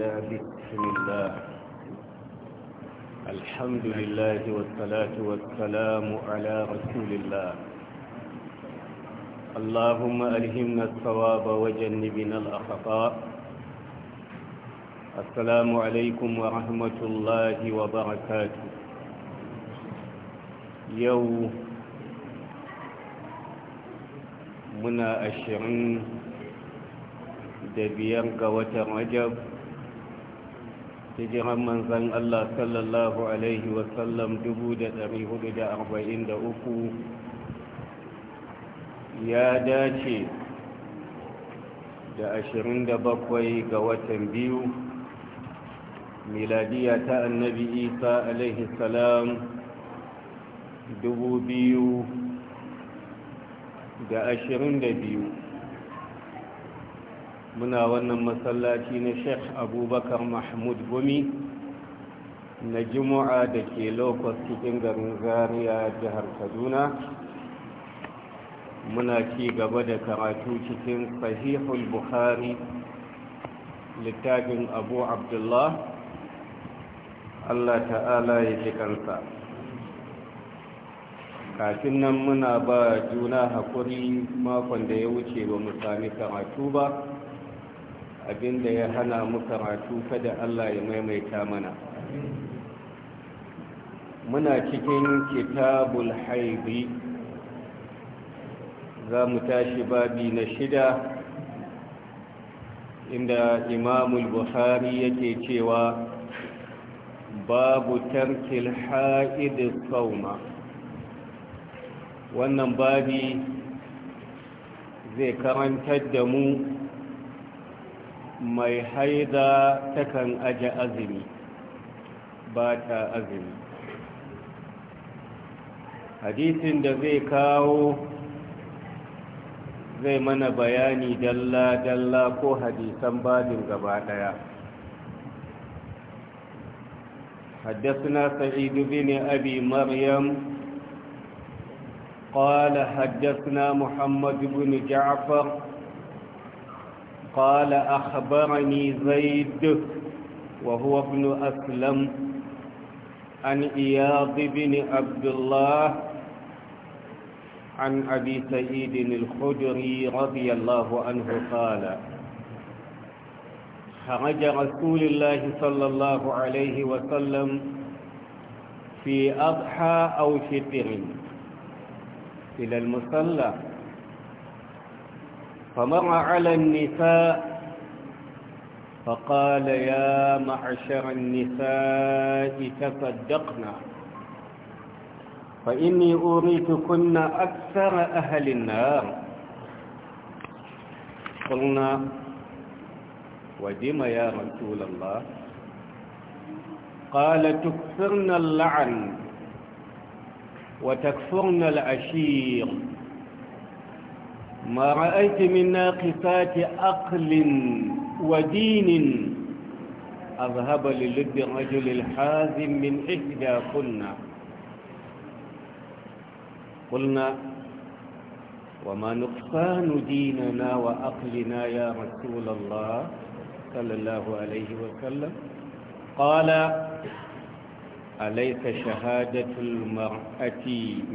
الله بسم الله الحمد لله والصلاة والسلام على رسول الله اللهم ألهمنا الصواب وجنبنا الأخطاء السلام عليكم ورحمة الله وبركاته يوم منا أشرين da biyar ga watan rajab hannun manzan Allah sallallahu Alaihi wasallam uku ya dace da ashirin da bakwai ga watan biyu miladiya ta annabi isa alaihi salam dubu biyu da ashirin da biyu muna wannan masallaci na sheikh abubakar mahmud gumi na juma'a da ke lokos cikin garin zaria jihar kaduna muna ci gaba da karatu cikin sahihul Buhari littafin abu abdullah allah ta'ala ya ji kansa kafin nan muna ba juna haƙuri makon da ya wuce ba mu sami karatu ba abinda ya hana mu karatu kada Allah ya maimaita mana muna cikin kitabul haibi za mu tashi babi na shida inda imamul buhari yake cewa babu tarkil ha'id sauma wannan babi zai karantar da mu mai haida takan aje azumi ba ta azumi hadisin da zai kawo zai mana bayani dalla-dalla ko hadisan badin gaba daya حدثنا سعيد بن أبي مريم قال حدثنا محمد بن جعفر قال أخبرني زيد وهو ابن أسلم عن إياض بن عبد الله عن أبي سعيد الخدري رضي الله عنه قال خرج رسول الله صلى الله عليه وسلم في أضحى أو فطر إلى المصلى فمر على النساء فقال يا معشر النساء تصدقنا فإني أريتكن أكثر أهل النار قلنا ودم يا رسول الله قال تكثرن اللعن وتكفرن العشير ما رأيت من ناقصات عقل ودين أذهب للب الرجل الحازم من إحدى قلنا قلنا وما نقصان ديننا وعقلنا يا رسول الله صلى الله عليه وسلم قال أليس شهادة المرأة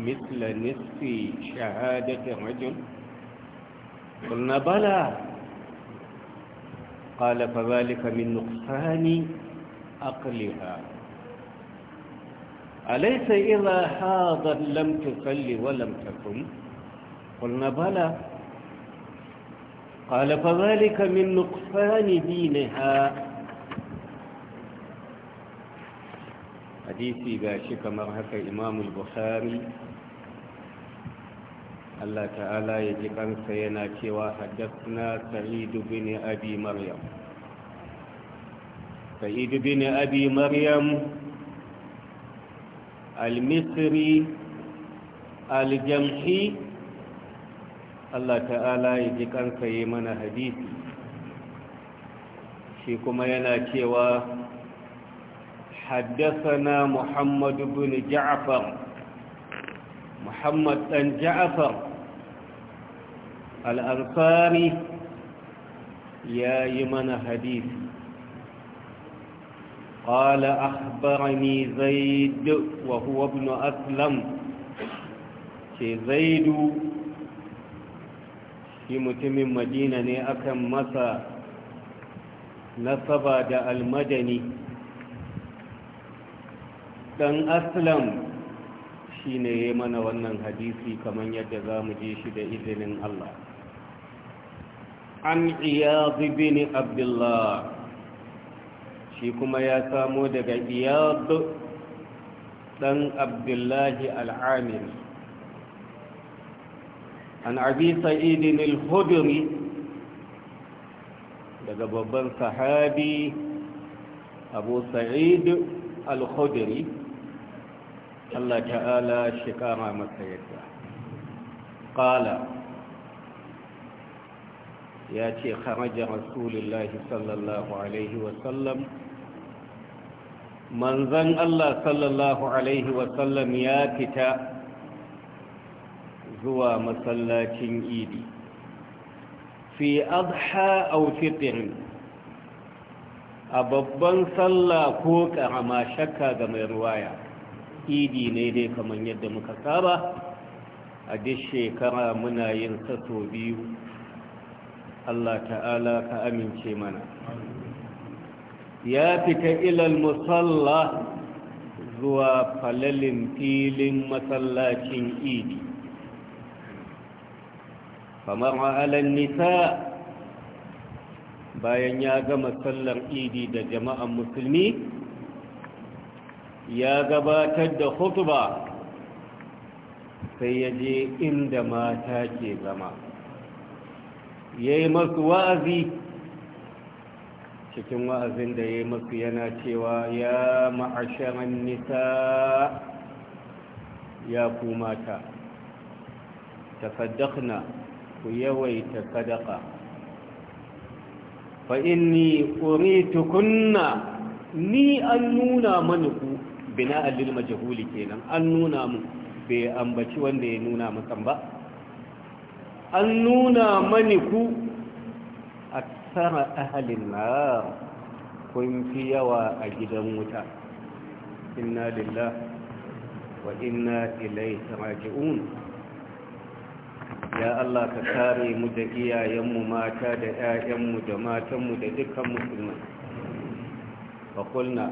مثل نصف شهادة الرجل؟ قلنا بلى قال فذلك من نقصان عقلها أليس إذا هذا لم تصل ولم تكن قلنا بلى قال فذلك من نقصان دينها حديثي باشك مرهك إمام البخاري Allah ta'ala ya ji kansa yana cewa haddasna sa'idu bin abi maryam sa'idu bin abi maryam al-misri al-jamhi Allah ta'ala ya ji kansa yi mana hadisi shi kuma yana cewa haddasana muhammadu bin ja'far muhammad dan ja'far al’arfari ya yi mana hadisi ƙala akhbarani zaidu wa huwa aslam ke zaidu shi mutumin madina ne akan masa nasaba da almadani dan aslam shine ne mana wannan hadisi kamar yadda za mu ji shi da izinin Allah an iyaz bin abdullah shi kuma ya samo daga iyaz dan abdullahi al'amiri an abi sa'idin al-hudri daga babban sahabi abu sa'id al-hudri Allah ta'ala shi kama masa yadda qala ya ce kharaja rasulullahi sallallahu alaihi wasallam manzan Allah sallallahu alaihi wasallam ya fita zuwa masallacin idi fi adha aw fitr a babban sallah ko karama shakka ga mai ruwaya idi ne dai kamar yadda muka saba a duk shekara muna yin sato biyu Allah ta'ala ka amince mana ya fita ilal musalla zuwa falalin filin masallacin idi kamar alan nisa bayan ya gama sallar idi da jama'an musulmi ya gabatar da hutuba sai ya je inda mata ke zama ya yi masu wa'azi cikin wa'azin da ya yi masu yana cewa ya ma'ashaman nisa ya kuma ta tafaddakna ku yawai sadaka fa inni tukunna ni an nuna mani ku bina alil majahuli kenan an nuna mu bai ambaci wanda ya nuna musan ba an nuna mani ku a tsara ahalin na kun fi yawa a gidan wuta inna lillah wa inna ilaihi raji'un ya Allah ka kare mu da iyayenmu mata da 'ya'yanmu da matanmu da dukkan musulman. ba kulna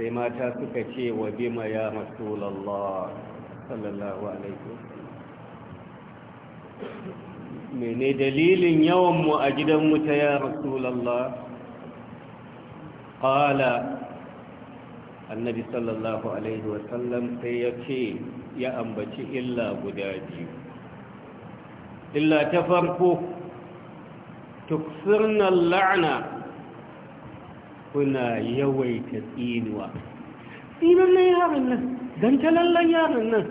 sai mata suka ce wa bima ya rasulallah sallallahu alaihi mene dalilin yawanmu a gidanmu ta ya rasulallah ƙala annabi sallallahu alaihi wasallam sai ya ce ya ambaci illa guda biyu illa ta farko tuksirnan la'ana kuna yawaita tsinuwa tsinan na yaron nan don talallan yaron nan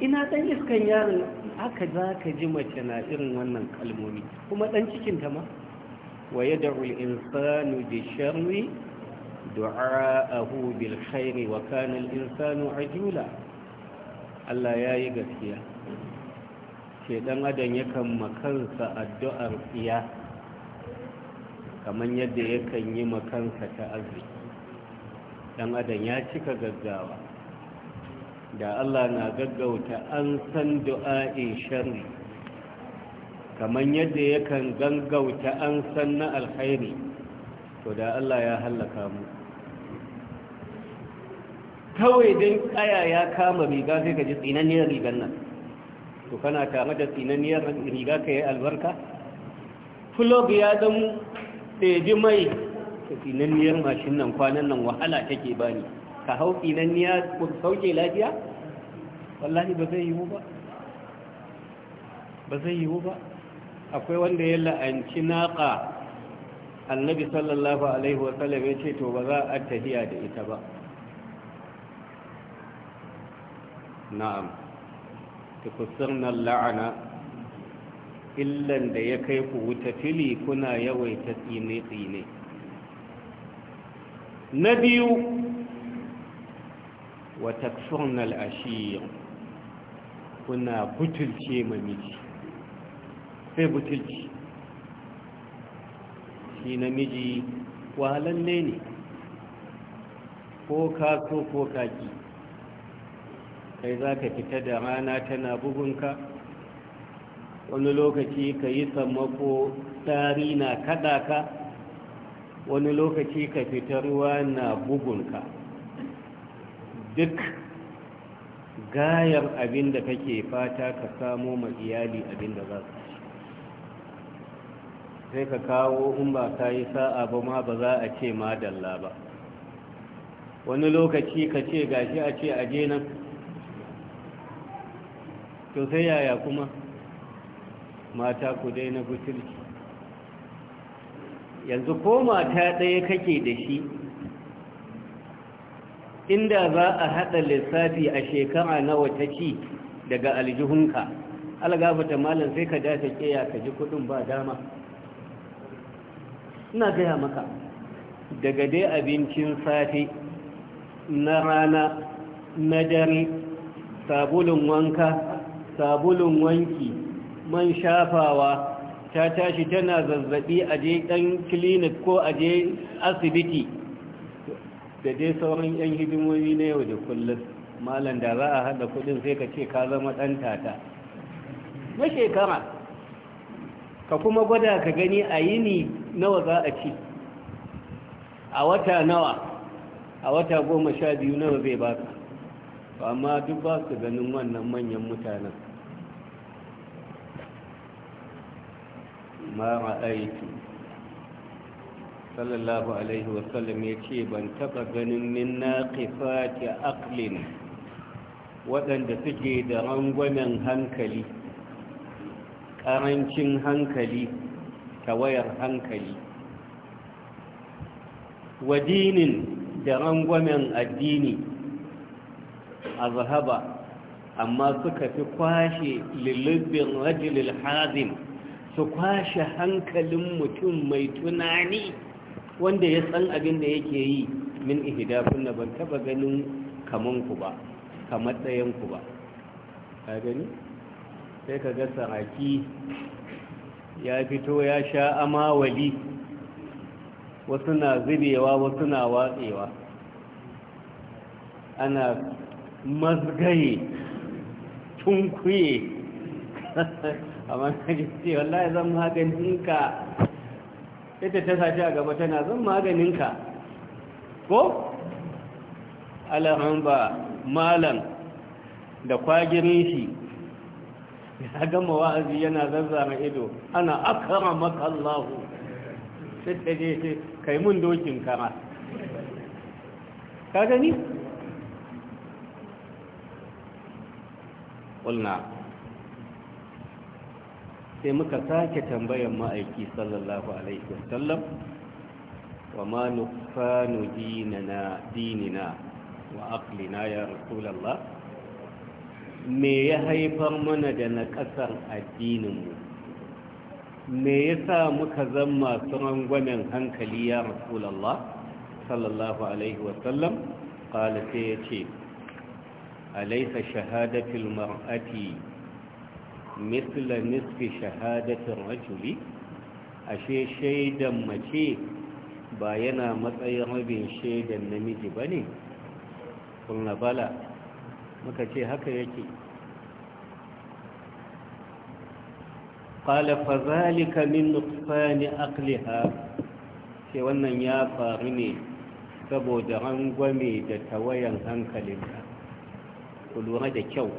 ina ɗan iskan yaron nan haka za ka ji mace na irin wannan kalmomi kuma dan cikin ta ma wa ya da insanu bi sharri du'a'ahu bil khairi wa kana al insanu ajula Allah ya yi gaskiya Ke dan adam yakan makansa addu'ar iya kamar yadda yakan yi makansa ta arziki dan adam ya cika gaggawa da Allah na gaggauta an san du'a'in sharri kamar yadda yakan gaggauta an san na alkhairi to da Allah ya hallaka mu kawai don kaya ya kama riga sai ka ji tsinaniyar rigar nan to kana tare da tsinaniyar riga ka yi albarka fulog ya zama ɗebi mai tsinaniyar mashin nan kwanan nan wahala take bani ka hau idan ya ku sauke lafiya wallahi ba zai yiwu ba ba zai yiwu ba akwai wanda ya la'anci naƙa annabi sallallahu alaihi wa sallam ya ce to ba za a tafiya da ita ba na'am tukusirna la'ana illan da ya kai ku wuta fili kuna yawaita tsine-tsine na biyu wa takfurna al'ashir kuna butulce miji. sai butulci shi namiji wahalalle ne ko ka so ko kaki kai za ka fita da rana tana bugunka wani lokaci ka yi sammako tsari na kada ka wani lokaci ka fita ruwa na bugunka duk gayar abinda kake fata ka samo ma iyali abin za su ci sai ka kawo in ba ka yi sa'a ba ma ba za a ce ma dalla ba wani lokaci ka ce gashi a ce je nan to sai yaya kuma mata ku daina butulci yanzu ko mata ɗaya kake da shi inda za a haɗa lissafi a shekara nawa ta ci daga aljihunka algafata malam sai ka dace keya ka ji kudin ba dama ina gaya maka daga dai abincin safe na rana na dare sabulun wanka sabulun wanki man shafawa ta tashi tana zazzabi a je ɗan clinic ko a je asibiti da dai sauran 'yan hidimomi na yau da kullum malam da za a haɗa kudin sai ka ce ka zama dan tata na shekara ka kuma gwada ka gani a yini nawa za a ci a wata nawa a wata goma sha biyu nawa zai baka amma duk ba su ganin wannan manyan mutanen ma aiki. sallallahu alaihi wasallam ya ce ban taba ganin min naqifati aqlin waɗanda suke da rangwamen hankali ƙarancin hankali tawayar hankali wadinin da rangwamen addini a zahaba amma suka fi kwashe lullubbin rajulil hazin su kwashe hankalin mutum mai tunani wanda ya san abin da yake yi min ihdafun na ban taba ganin kaman ku ba kamar ɗayanku ba ka gani sai ka ga saraki ya fito ya sha amawali wasu na zubewa wasu na watsewa ana mazgaye tunkuye amma na ce wallahi zan maganin ka ita ta saci a gaba tana zan ka, ko alhamdu malam da kwagirin shi ya gama wa'azi yana mai ido ana akara makallahu sai ta je ce kai mun dokin kara ka gani? ƙulna sai muka sake tambayan ma'aiki sallallahu alaihi wasallam wa ma nufanu dinina dinina wa aqlina ya rasulullah me ya haifar mana da na kasar addininmu me yasa muka zama masu rangwamen hankali ya rasulullah sallallahu alaihi wasallam qala sai yace alaysa shahadatul mar'ati misla nisfi shahadatin rajuli ashe shaidan mace ba yana matsayin rabin shaidan namiji ba ne kulna bala muka ce haka yake qala fa zalika min nutfani aqliha ce wannan ya faru ne saboda rangwame da tawayan hankalinta ku lura da kyau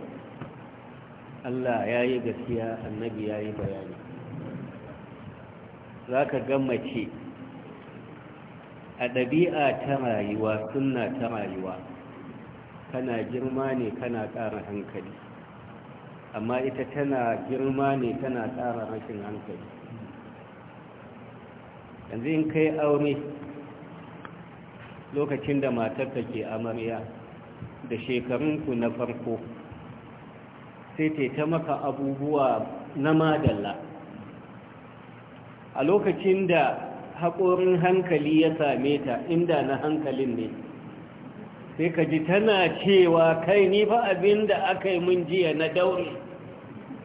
Allah ya yi gaskiya annabi ya yi bayani za ka gammace a ɗabi'a ta rayuwa suna ta rayuwa kana girma ne kana ƙara hankali amma ita tana girma ne tana ƙara rashin hankali yanzu in kai aure lokacin da matarka ke amarya da shekarunku na farko sai ta ta maka abubuwa na madalla a lokacin da haƙorin hankali ya same ta inda na hankalin ne sai ka ji tana cewa kai ni fa abin da aka yi mun jiya na daure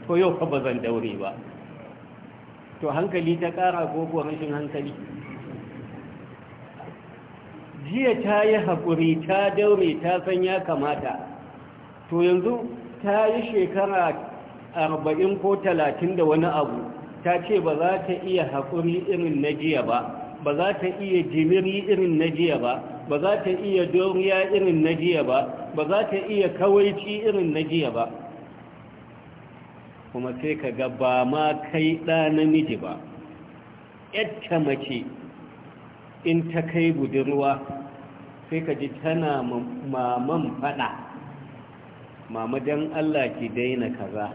to yau fa ba zan daure ba to hankali ta ƙara ko rashin hankali jiya ta yi haƙuri ta daure ta san ya kamata to yanzu ta yi shekara arba'in ko talatin da wani abu ta ce ba za ta iya haƙuri irin na jiya ba ba za ta iya jimiri irin na jiya ba ba za ta iya doriya irin na jiya ba ba za ta iya kawaici irin na jiya ba kuma sai ka ga ba ma kai ɗa namiji ba yadda mace in ta kai budurwa sai ka ji tana maman fada mama dan Allah ki daina kaza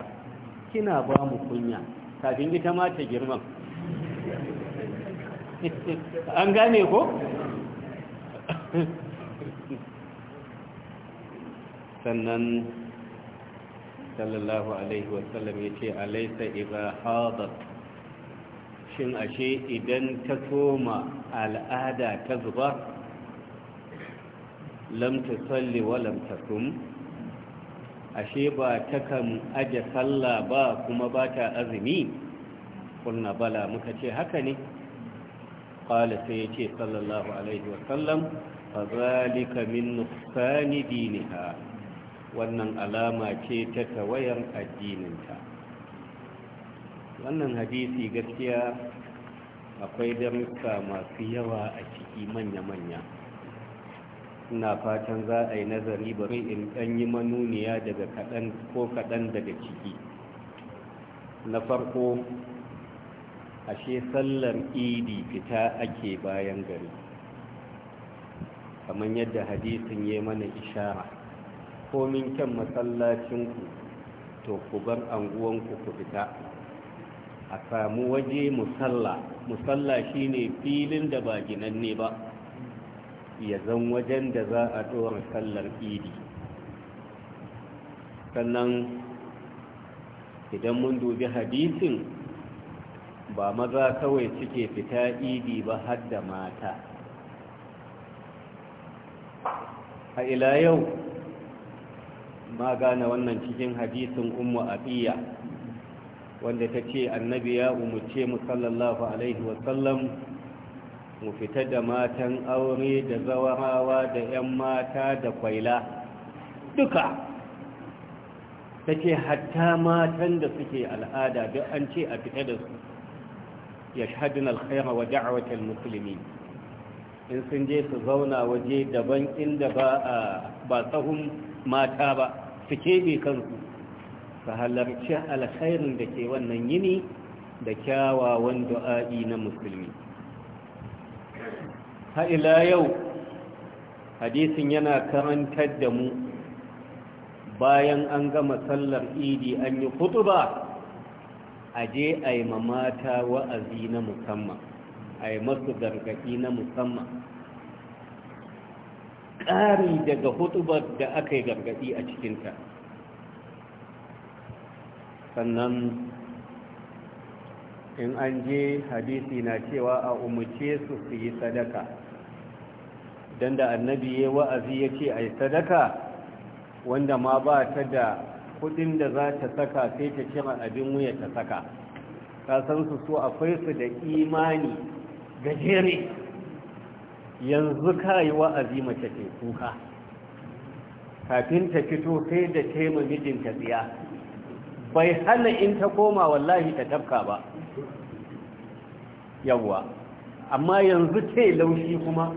kina ba mu kunya kafin ita ma ta girma. an gane ko sannan sallallahu alaihi wasallam ya ce alaysa idha hadat shin ashe idan ta soma al'ada ta zuba lam tusalli wa lam tasum ashe ba ta kan aje sallah ba kuma ba ta azumi kulna bala muka ce haka ne qala sai ce sallallahu alaihi wasallam fa zalika min nuqsani diniha wannan alama ce ta tawayan addininta wannan hadisi gaskiya akwai darussa masu yawa a ciki manya-manya ina fatan za a yi nazari bari in ɗan yi manuniya daga kaɗan ko kaɗan daga ciki na farko ashe sallar idi fita ake bayan gari kamar yadda hadisin ya mana ishara min kyan masallacinku to ku bar anguwanku ku fita a samu waje musalla musalla shine filin da ba ginanne ba ya zan wajen da za a ɗora sallar idi sannan idan mun dubi hadisin ba maza kawai suke fita idi ba har da mata a ila yau ma gane wannan cikin hadisin ummu abiya wanda ta ce annabi ya umarce mu sallallahu alaihi wasallam mu fita da matan aure da zawarawa da 'yan mata da kwaila duka ta ce hatta matan da suke al'ada duk an ce a fita da su ya shahadin alkhaira wa da'awatar musulmi in sun je su zauna waje daban inda ba tsahun mata ba su keɓe kansu su halarci alkhairin da ke wannan yini da kyawawan du'a'i na musulmi ila yau hadisin yana karantar da mu bayan an gama sallar idi an yi kutuba a je a yi mamata wa'azi na musamman a yi masu gargaɗi na musamman ƙari daga hutubar da aka yi gargaɗi a cikinta sannan in an je hadisi na cewa a umarce su su yi sadaka don da annabi ya wa'azi ya ce a yi sadaka wanda ma ba ta da kudin da za ta saka sai ta cima abin wuya ta saka kasansu su akwai su da imani gajere yanzu ka yi wa'azi mace ke kuka kafin ta fito sai da taimar ta tsiya bai hana in ta koma wallahi ta tafka ba yawwa amma yanzu ce laushi kuma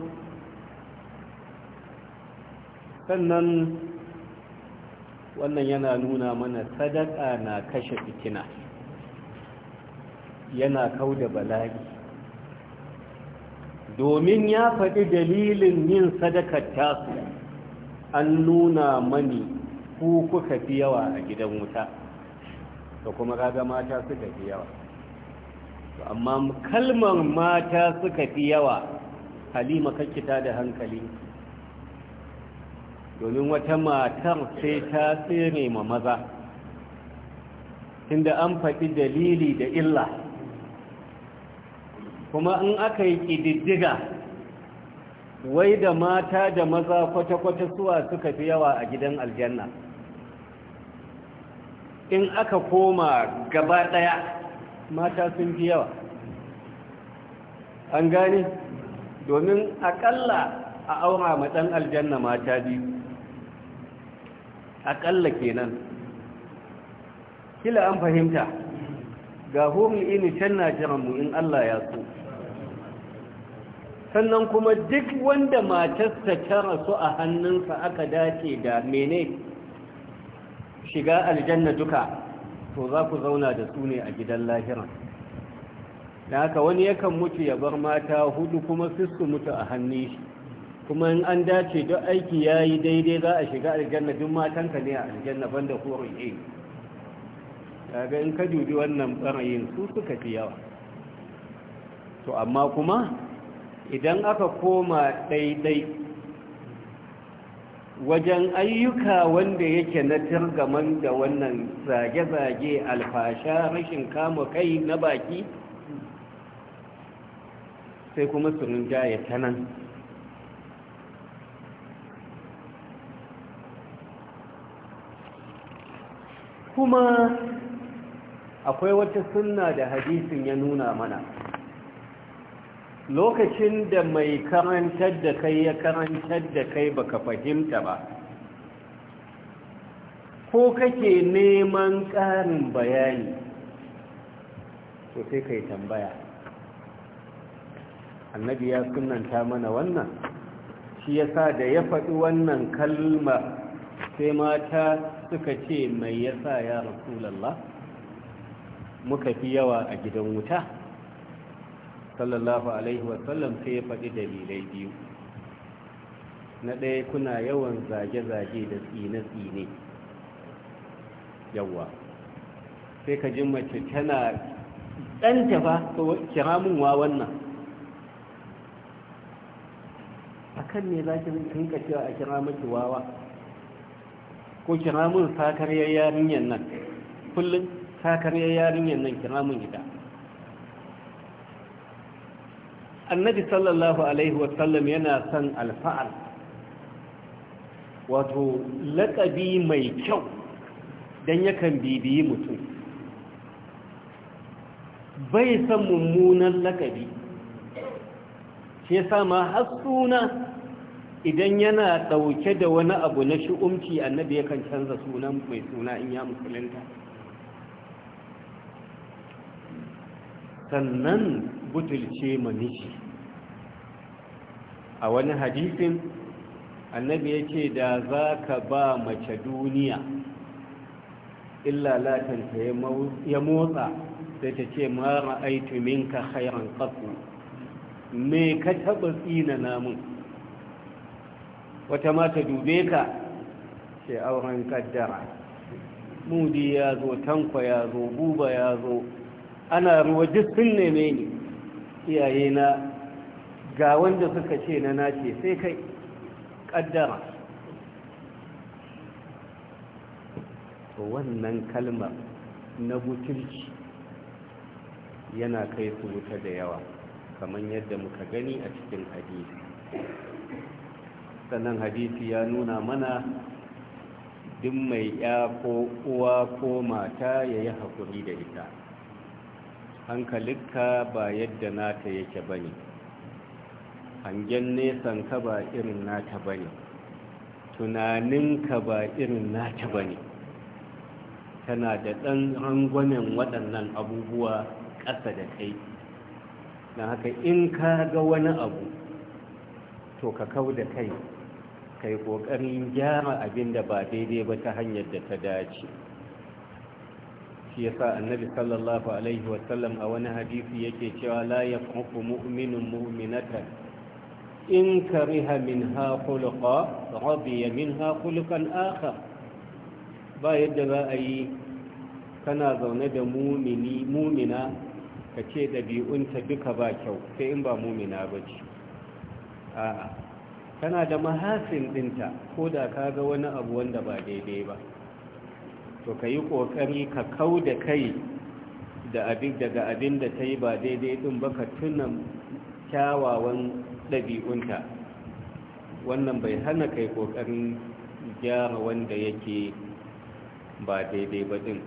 sannan wannan yana nuna mana sadaka na kashe fitina yana kau da bala'i domin ya faɗi dalilin yin sadakar tasu an nuna mani ku kuka fi yawa a gidan wuta da kuma kaga mata suka fi yawa amma kalmar mata suka fi yawa halima kakkita da hankali domin wata matar sai ta tsere ma maza inda an faɗi dalili da illa kuma in aka yi ƙididdiga wai da mata da maza kwata-kwata suwa suka fi yawa a gidan aljanna in aka koma gaba ɗaya mata sun fi yawa an gani domin aƙalla a aura ma ɗan aljanna mata biyu akalla kenan kila an fahimta ga homin ini can na jiranmu in Allah ya so sannan kuma duk wanda matarsa ta rasu a hannunsa aka dace da mene shiga aljanna duka to za ku zauna da su ne a gidan lahiran da haka wani yakan mutu ya bar mata hudu kuma su mutu a hannun shi kuma in an dace duk aiki ya yi daidai za a shiga aljanna duk matanka ne a aljanna banda korin e kaga in ka dubi wannan barayin su suka fi yawa to amma kuma idan aka koma daidai wajen ayyuka wanda yake na turgaman da wannan zage-zage alfasha rashin kama kai na baki sai kuma surin jaye ta nan kuma akwai wata sunna da hadisin ya nuna mana lokacin da mai karantar da kai ya karantar da kai baka fahimta ba ko kake neman ƙarin bayani ko sai kai tambaya annabi ya sunanta mana wannan shi yasa da ya faɗi wannan kalma sai mata suka ce mai yasa ya rasulallah muka fi yawa a gidan wuta sallallahu alaihi wasallam sai ya faɗi dalilai biyu na ɗaya kuna yawan zage-zage da tsine-tsine yawa sai ka ji mace tana ɗan tafa, kira min wannan a kan ne za ki rinka cewa a kira maki wawa ko kira mun sakar yarinyar nan kullum sakar yarinyar nan kira mun gida. annabi sallallahu alaihi wasallam yana son alfa'al wato laƙabi mai kyau don yakan bibiyi mutum bai san mummunan laƙabi shi yasa ma har suna idan yana ɗauke da wani abu na shi'umci annabi yakan canza sunan mai suna in ya musulunta sannan butulce mamishi a wani hadisin annabi ya ce da za ka ba mace duniya illa latanta ya motsa sai ta ce mara aitu minka hairan kasu me ka taɓa tsina namun wata ma ta dube ka sai auren kaddara mudi ya zo tankwa ya zo buba ya zo ana ruwa duk sun neme ni iyaye na ga wanda suka ce na nace sai kai kaddara to wannan kalmar na mutunci yana kai su wuta da yawa kamar yadda muka gani a cikin hadisi sannan hadisi ya nuna mana duk mai ya ko uwa ko mata ya yi haƙuri da ita hankalinka ba yadda nata yake ba ne hangen nesanka ba irin nata ba ne tunaninka ba irin nata ba ne tana da ɗan rangwamen waɗannan abubuwa ƙasa da kai na haka in ka ga wani abu to ka kau da kai kai ƙoƙarin gyara abin da ba daidai ba ta hanyar da ta dace shi sa annabi sallallahu alaihi wasallam a wani hadisi yake cewa la yaqfu mu'minun mu'minatan in kariha minha rabi ya min khuluqan akhar ba yadda za a yi kana zaune da mumini mumina ka ce ɗabi'unta duka ba kyau sai in ba mumina ba ce tana da mahasin dinta ko da ka ga wani abu wanda ba daidai ba to ka yi ƙoƙari ka kau da kai daga abin da ta yi ba daidai ɗin ba ka tuna kyawawan ɗabi'unta wannan bai hana kai ƙoƙarin gyara wanda yake ba daidai ba ɗin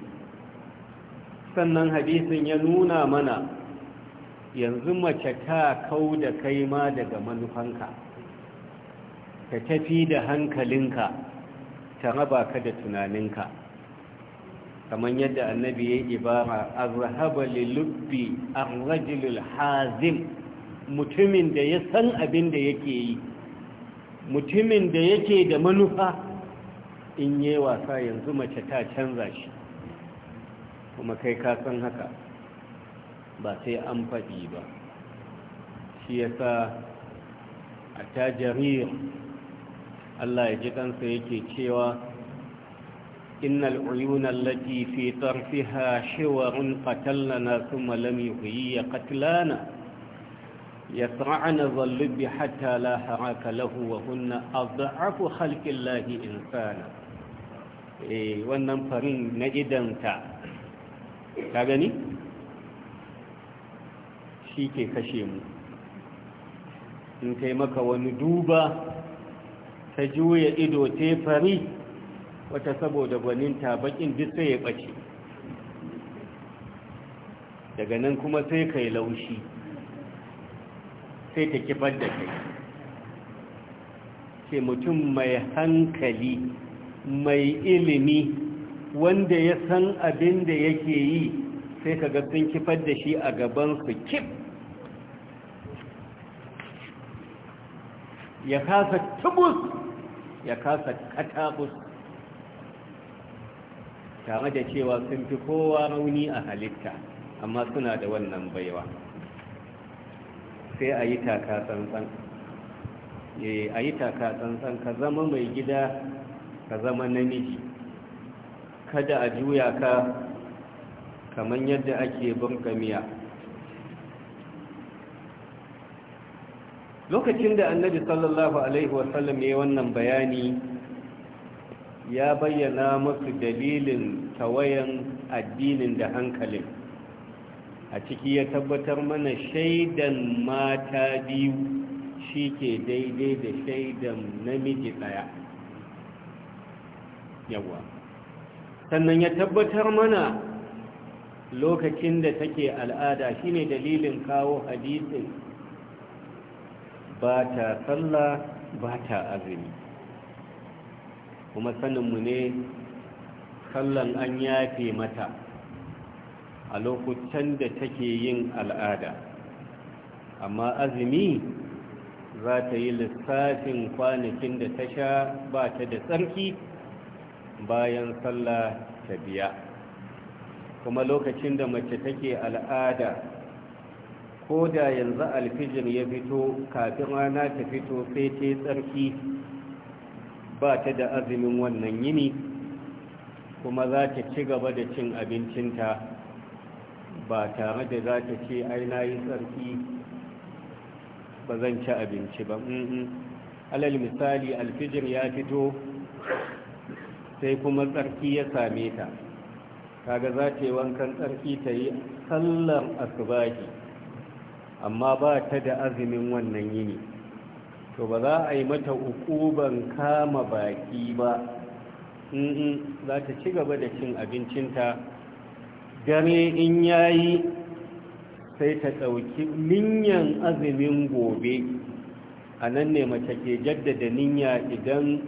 sannan hadisin ya nuna mana yanzu mace ta kau da kai ma daga manufanka Ka tafi da hankalinka ta raba ka da tunaninka kamar yadda annabi ya yi ibara arhaba lilubbi arrajulul hazim mutumin da ya san abin da yake yi mutumin da yake da manufa in yi wasa yanzu mace ta canza shi kuma kai ka san haka ba sai an faɗi ba shi yasa a Allah ya ji kansa yake cewa innal uyuna allati fi tarfiha shiwarun qatalna thumma lam yuhyiya qatlana yasra'na dhallib hatta la haraka lahu wa hunna adhafu khalqi allahi insana eh wannan farin na idanta ka gani shi ke kashe mu in kai maka wani duba ta juya ido ta fari wata saboda gwaninta bakin duk sai ya ɓace daga nan kuma sai ka yi laushi sai ta kifar da kai ke mutum mai hankali mai ilimi wanda ya san abin da yake yi sai ka ga sun kifar da shi a gaban su kif ya kasa tubus ya kasa katabus tare da cewa sun fi kowa rauni a halitta amma suna da wannan baiwa sai a yi taka tsantsan eh, a yi taka tsantsan ka zama mai gida ka zama namiji kada a juya ka kamar yadda ake burka miya lokacin da annabi sallallahu alaihi wasallam ya wannan bayani ya bayyana musu dalilin tawayan addinin da hankalin a ciki ya tabbatar mana shaidan mata biyu shi ke daidai da shaidan namiji daya yawa sannan ya tabbatar mana lokacin da take al'ada shine dalilin kawo hadisin ba ta sallah ba ta azumi kuma sanin mu ne sallan an yafe mata a lokutan da take yin al'ada amma azumi za ta yi lissafin kwanakin da ta sha ba ta da tsarki bayan sallah ta biya kuma lokacin da mace take al'ada ko da yanzu alfijir ya fito kafin rana ta fito sai ta tsarki ba ta da azumin wannan yini kuma za ta ci gaba da cin abincinta ba tare da za ta ce aina yi tsarki ba zan ci abinci ba alal misali alfijir ya fito sai kuma tsarki ya same ta kaga za ta yi wankan tsarki ta yi sallar asibaki amma ba ta da azumin wannan yini to ba za a yi mata hukuban kama baki ba in za ta ci gaba da cin abincinta dare in yayi sai ta ɗauki ninyan azumin gobe a nan ne mace ke jaddada niyya idan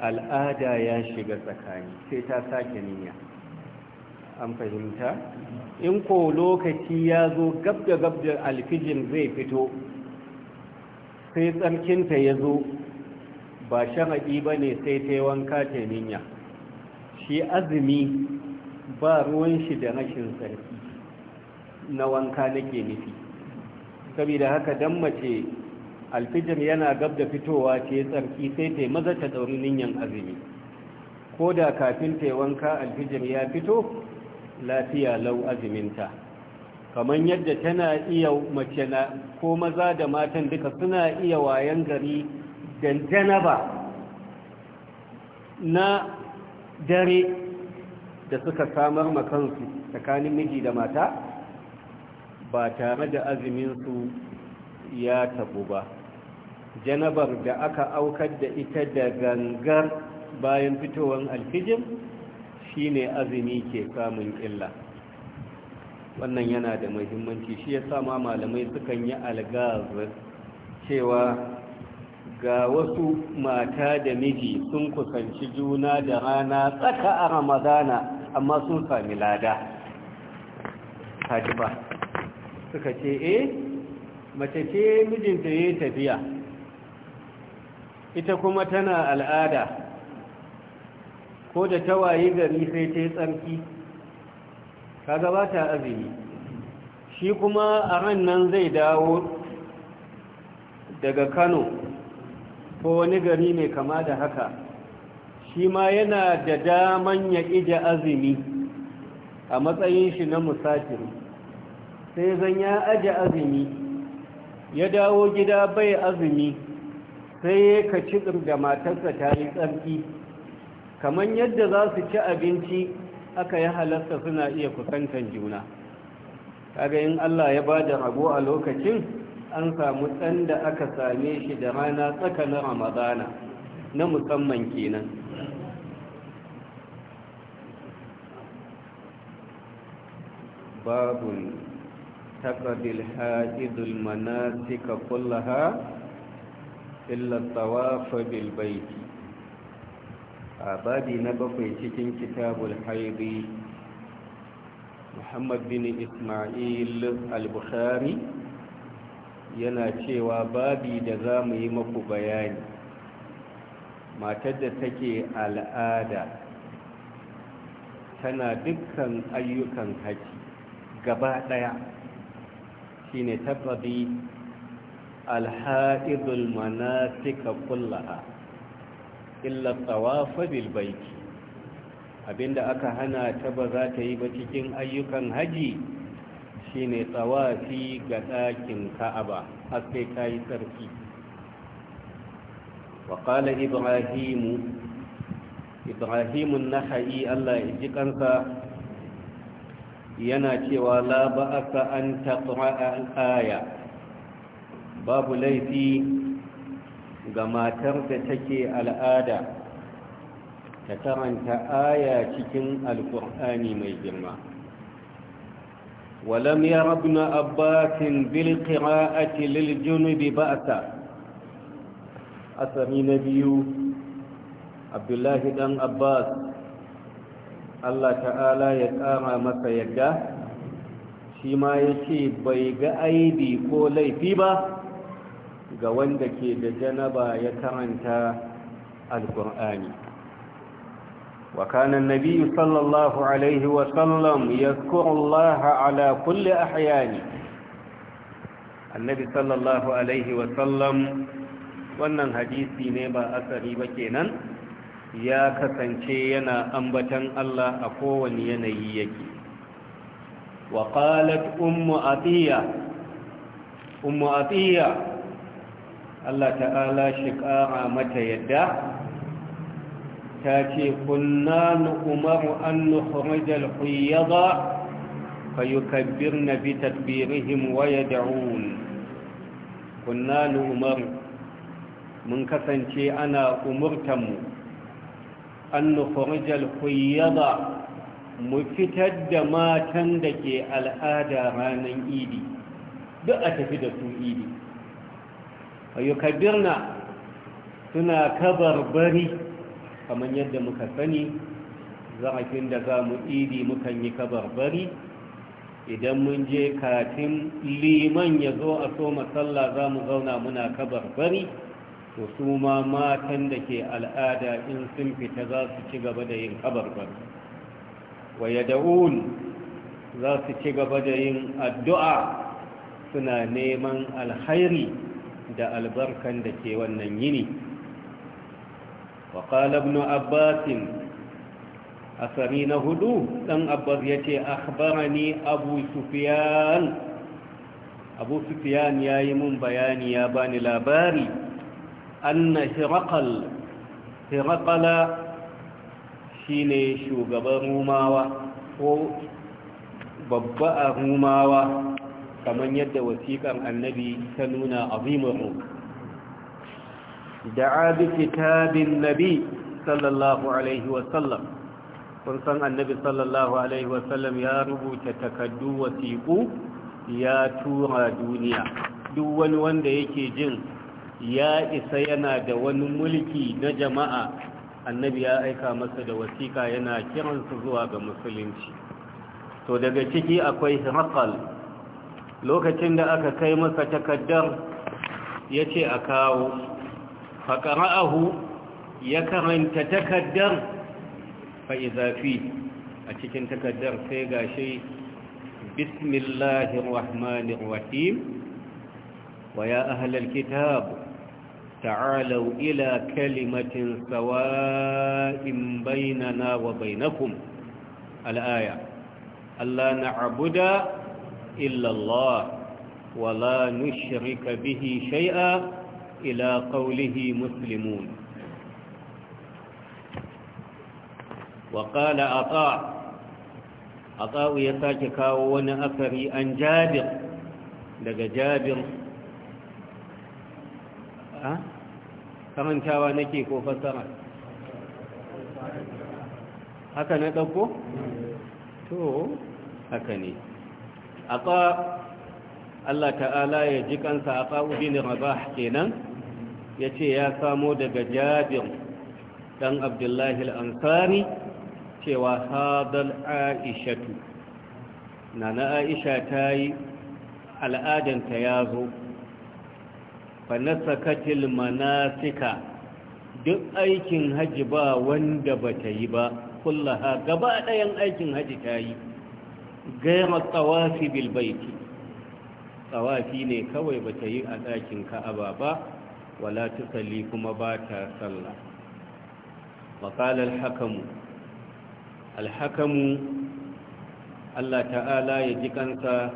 al'ada ya shiga tsakani sai ta sake niyya. an fahimta in ko lokaci ya zo gab da gab da alfijin zai fito sai tsarkinta ya zo ba sharaɗi ba ne sai ta yi wanka ta ninya shi azumi ba ruwan shi da rashin tsarki na wanka nake nufi saboda haka don mace alfijin yana gab da fitowa ce tsarki sai ta maza ta tsaurin ninyan azumi ko da kafin ta wanka alfijir ya fito lafiya lau azuminta kamar yadda tana iya mace na ko maza da matan duka suna iya wayan gari dandana ba na dare da suka samar makansu tsakanin miji da mata ba tare da azuminsu ya tabu ba janabar da aka aukar da ita da gangar bayan fitowar alfijin shine azumi ke samun illa wannan yana da muhimmanci shi ya ma malamai sukan yi algazar cewa ga wasu mata da miji sun kusanci juna da rana tsaka a ramadana amma sun sami lada ba suka ce eh mace ce mijinta ya tafiya ita kuma tana al'ada ko da tawaye gari sai ta yi tsarki ka gabata ta azumi shi kuma a ran zai dawo daga kano ko wani gari mai kama da haka shi ma yana da daman ya ije azumi a matsayin shi na musafiri sai zan ya aje azumi ya dawo gida bai azumi sai ka ci da matarsa ta yi tsarki kamar yadda za su ci abinci aka yi halarta suna iya kusantan juna kaga in Allah ya ba da rabo a lokacin an samu ɗan da aka same shi da rana tsakanin ramadana na musamman kenan babun taqadil ha'idul manasika kullaha illa tawafa bil a babi na bakwai cikin kitabul haibi muhammad bin ismail al-bukhari yana cewa babi da za mu yi maku bayani matar da take al'ada tana dukkan ayyukan haji gaba shine shine tabbabi alha'idul manasika kullaha illa tsawafa bilbaiki abinda aka hana ta ba za ta yi ba cikin ayyukan haji shine tsawafi ga ɗakin ka'aba har sai ta yi sarki وقال إبراهيم إبراهيم النحي الله إجيكنسا يناتي ولا بأس أن تقرأ الآية Babu laifi. ga matar da take al'ada ta karanta aya cikin alkur'ani mai girma walam ya rabna abbasin bil qira'ati lil junubi ba'sa asami na biyu abdullahi dan abbas Allah ta'ala ya ƙara masa yadda shi ma yace bai ga I.D ko laifi ba ga wanda ke da janaba ya karanta alkur'ani وكان النبي صلى الله عليه وسلم يذكر الله ala كل ahyani. annabi sallallahu alaihi wa sallam wannan hadisi ne ba asari ba kenan ya kasance yana ambatan Allah a kowane yanayi yake wa qalat ummu atiya ummu atiya Allah ta'ala shi ƙara mata yadda ta ce kunna nu'umaru an nukhrijal huyyada na bi waya da yad'un kunna nu'umaru mun kasance ana umurtanmu an nukhrijal huyyada mu fitar da matan da ke al'ada ranar idi duk a tafi da su idi ayyukabirna suna kabar bari kamar yadda muka sani zarafin da za mu idi mukan yi kabar bari. idan mun je katin liman ya zo a so masalla za mu zauna muna kabar bari to su ma matan da ke al'ada in sun fita za su ci gaba da yin kabar kabarbari wa yada'un za su ci gaba da yin addu'a suna neman alhairi da albarkan da ke wannan yini وقال ابن عباس أثرين هدو لن أبض يتي أخبرني أبو سفيان أبو سفيان يا يمن بياني يا باني لاباري أن هرقل هرقل شيني شوغب روماوة وببأ روماوة kamar yadda wasiƙar annabi ta nuna azimin Da bi kitabin nabi sallallahu alaihi wasallam kun san annabi sallallahu alaihi wasallam ya rubuta takaddu wasiƙu ya tura duniya duk wani wanda yake jin ya isa yana da wani mulki na jama'a annabi ya aika masa da wasiƙa yana kiransu zuwa ga musulunci to daga ciki akwai hirakal lokacin da aka kai masa takaddar ya ce a kawo faƙara'ahu ya karanta takaddar fa'izafi a cikin takaddar sai gashi bismillahir rahmanir rahim wa ya ahlal kitab ta'alau ila kalimatin sawa'in bainana wa bainakum al'aya Allah na abuda إلا الله ولا نشرك به شيئا إلى قوله مسلمون وقال أطاع أطاع يساك كاوون أثري أن جابر لقى جابر أه؟ كمن كاوانكي كوفسرا هكذا نتوقف تو هكذا aka Allah ta'ala ya ji kansa a fa'ubin rabah kenan ya ce ya samo daga jabir ɗan abdullahi al'ansari cewa hadal aishatu na na aisha ta yi al'adanta ya zo fanasakatil manasika duk aikin hajji ba wanda ba ta yi ba kullaha gaba ɗayan aikin hajji ta yi gairar tsawafi bilbaiki tsawafi ne kawai ba ta yi a ɗakin ka'aba ba wala tusalli kuma ba ta sallah maƙalar hakamu alhakamu allah ta'ala ya ji kansa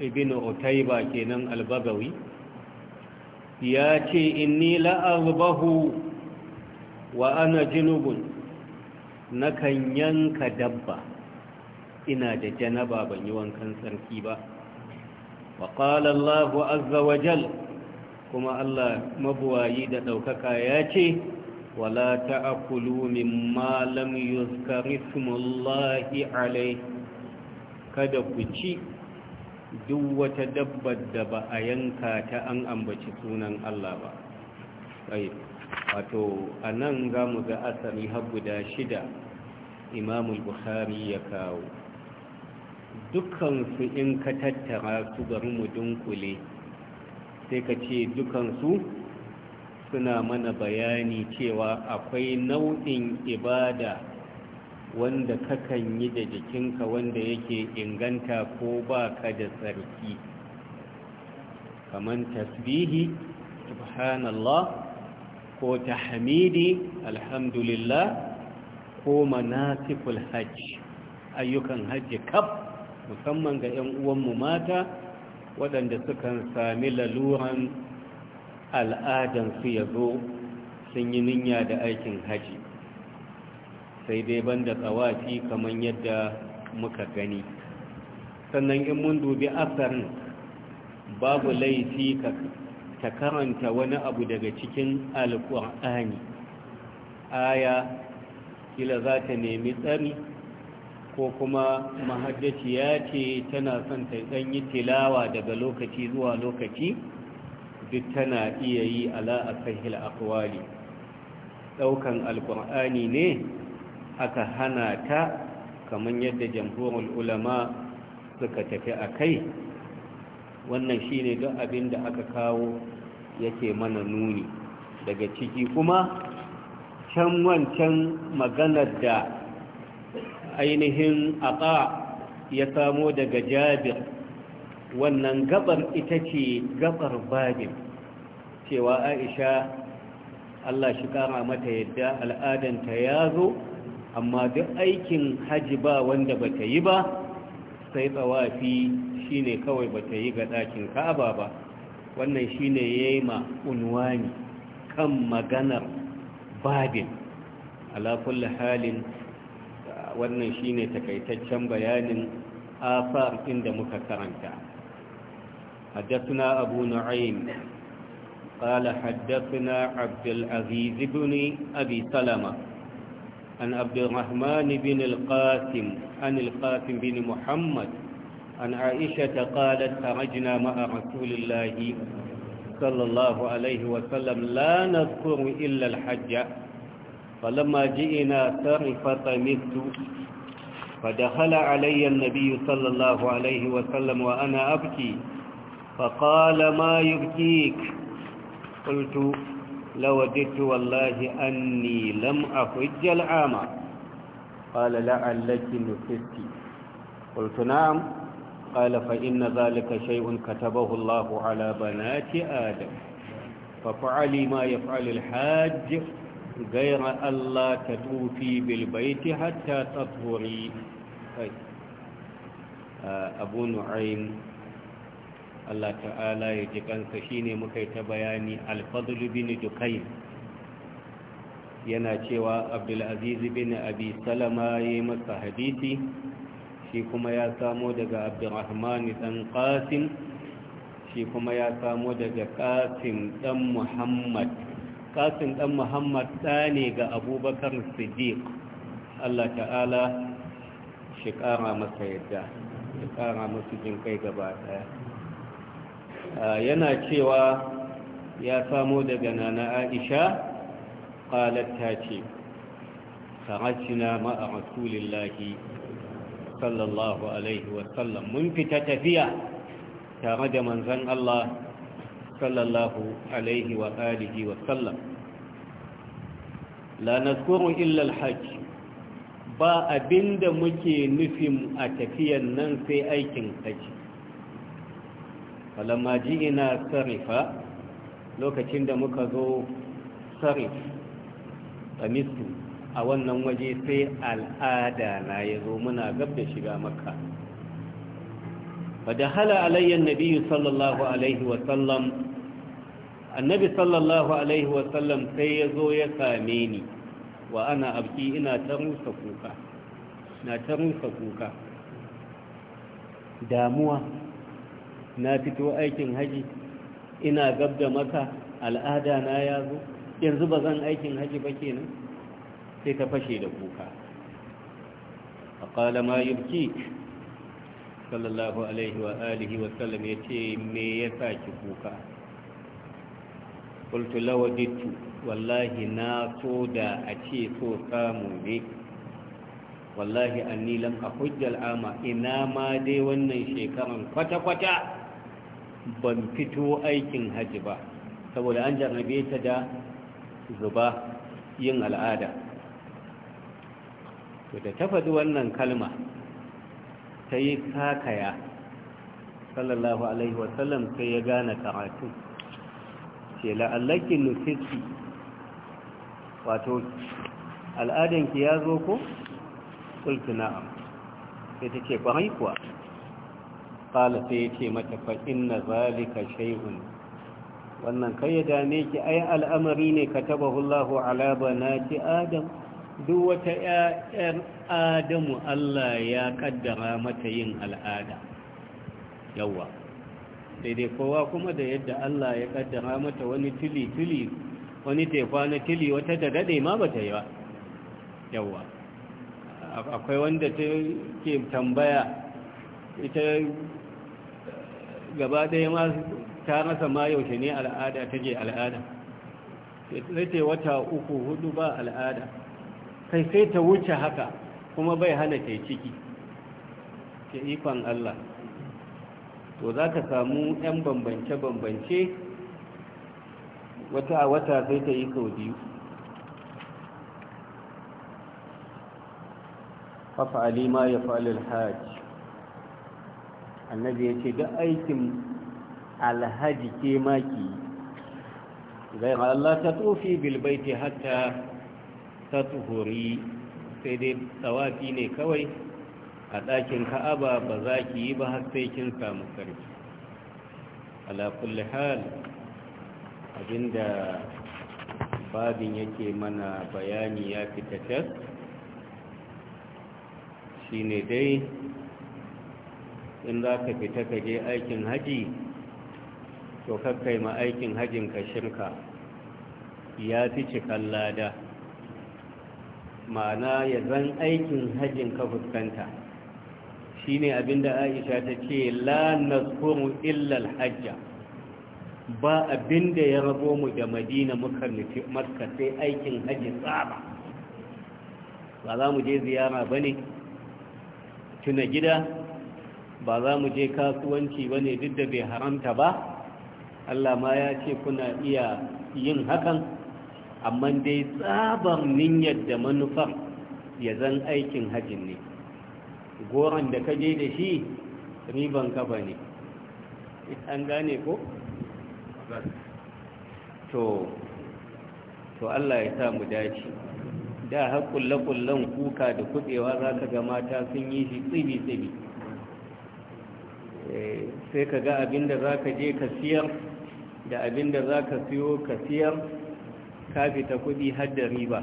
ibn utaiba kenan albagawi ya ce inni la'arbahu wa ana jinubun na kan yanka dabba ina da janaba ban yi wankan sarki ba wa qala Allah azza wa jal kuma Allah mabuwayi da ɗaukaka ya ce wala ta'akulu mimma lam yuzkar ismullahi kada ku ci duk wata dabbar da ba a yanka ta an ambaci sunan Allah ba wato a nan za mu ga asali har guda shida imamul bukhari ya kawo dukansu in ka tattara su bari mu dunkule sai ka ce dukansu suna mana bayani cewa akwai nau'in ibada wanda kakan yi da jikinka wanda yake inganta ko ba ka da tsarki kamar tasbihi subhanallah ko ta hamidi alhamdulillah ko manasikul hajj ayyukan hajji kaf musamman ga 'yan uwanmu mata waɗanda suka sami laluran al'adansu ya zo sun yi ninya da aikin haji sai dai ban da tsawafi kamar yadda muka gani sannan in mun dubi asarin babu laifi ta karanta wani abu daga cikin alƙur'ani aya kila za ta nemi tsari ko kuma Mahaddaci ya ce tana son ta yi tilawa daga lokaci zuwa lokaci duk tana iya yi ala a sahil akwali ɗaukan alkur'ani ne aka hana ta kamar yadda jamhurin ulama suka tafi a kai wannan shi ne don abin da aka kawo yake mana nuni daga ciki kuma can wancan maganar da ainihin aqa ya samo daga jabir wannan gabar ita ce gabar babin cewa aisha Allah shi kara mata yadda al'adanta ya zo amma duk aikin haji ba wanda bata yi ba sai tsawafi shi ne kawai bata yi ga ɗakin ka'aba ba wannan shine yayi ma unwani kan maganar babin alakullu halin wannan shine takaitaccen bayanin asar inda muka karanta حدثنا أبو نعيم قال حدثنا عبد العزيز بن أبي سلمة عن عبد الرحمن بن القاسم عن القاسم بن محمد عن عائشة قالت خرجنا مع رسول الله صلى الله عليه وسلم لا نذكر إلا الحج فلما جئنا سرفة مت فدخل علي النبي صلى الله عليه وسلم وأنا أبكي فقال ما يبكيك قلت لوددت والله أني لم أفج العام قال لعلك نفست قلت نعم قال فإن ذلك شيء كتبه الله على بنات آدم ففعلي ما يفعل الحاج غير ألا تطوفي بالبيت حتى تطهري أبو نعيم الله تعالى يجب أن تشيني مكيت بياني الفضل بن دكين yana cewa abdulaziz bin abi salama ya yi masa hadisi shi kuma ya samo daga abdurrahman dan qasim shi kuma ya samo daga qasim dan muhammad kasin ɗan muhammad ɗa ne ga abubakar siddiq allah ta'ala shi ƙara masa yadda shi ƙara masu jin kai gaba yana cewa ya samo daga nana aisha ƙalatta ce sarajina ma'a rasulillahi sallallahu alaihi wasallam mun fita tafiya tare da manzan allah sallallahu alaihi wa alihi wa sallam la nazkuru illa alhajj ba abinda muke nufin a tafiyan nan sai aikin haji falamma ina sarifa lokacin da muka zo sarif kamisu a wannan waje sai al'ada na ya zo muna gab da shiga makka فدخل علي النبي صلى الله عليه وسلم النبي صلى الله عليه وسلم سيزو يساميني وأنا أبكي إنا تروس كوكا إنا تروس كوكا داموة na fito aikin haji ina gab da maka al'ada na ya zo yanzu ba zan aikin haji ba kenan sai sallallahu alaihi wa alihi wa sallam ya ce me ya sa ki kuka qultu lawadittu wallahi na so da a ce so samu ne wallahi anni lam ahujjal ama ina ma dai wannan shekaran kwata kwata ban fito aikin haji ba saboda an jarrabe ta da zuba yin al'ada to da wannan kalma ta yi kakaya sallallahu alaihi wasallam sai ya gane karatu ce la'allakin nufiski wato al'adanki ya zo ko ƙulki na'am sai ta ce ƙwarai kuwa ƙala sai ya ce mata fa'in na zalika shaihun wannan kai ya dame ki ai al'amari ne ka taba hullahu alaba na ji adam duk wata ‘ya'yar adamu Allah ya kaddara mata yin al'ada yawa daidai kowa kuma da yadda Allah ya kaddara mata wani tuli-tuli wani tefa na tuli wata da daɗe ma ba ta yi ba yawa akwai wanda ta ke tambaya ita gaba ɗaya ma ta rasa ma yaushe ne al'ada ta je al'ada sai ta wata uku hudu ba al'ada kai sai ta wuce haka kuma bai hana ta ciki ke ikon Allah to za ka samu 'yan bambance-bambance wata a wata sai ta yi sau biyu fafa ma ya fa'alil hajji annabi ya ce duk aikin alhaji ke maki zai Allah ta tsofi bilbaiti hatta ta tuhuri sai dai tsawafi ne kawai a ɗakin ka'aba ba za ki yi ba har sai kin samu sarki ala hal abinda babin yake mana bayani ya fita tas ne dai in za ka fita ka je aikin haji to kakkai ma aikin hajin ka shirka ya fi cikan lada ma'ana ya zan aikin hajjin ka fuskanta shi ne abinda aisha ta ce lanar kuma illar hajja ba abinda ya rabo mu da madina muka sai aikin hajji tsaba ba za mu je ziyara ba ne tuna gida ba za mu je kasuwanci ba ne duk da bai haramta ba allah ma ya ce kuna iya yin hakan amma dai tsabar niyyar da manufa ya zan aikin hajjin ne goron da ka je da shi riban kafa ne an gane ko? to to Allah ya sa mu dace da haƙulle-ƙullen kuka da kuɗewa za ka ga mata sun yi shi tsibi-tsibi eh, sai ka ga abinda za ka je ka siyar da abinda za ka siyo ka siyar ka fita kudi har da riba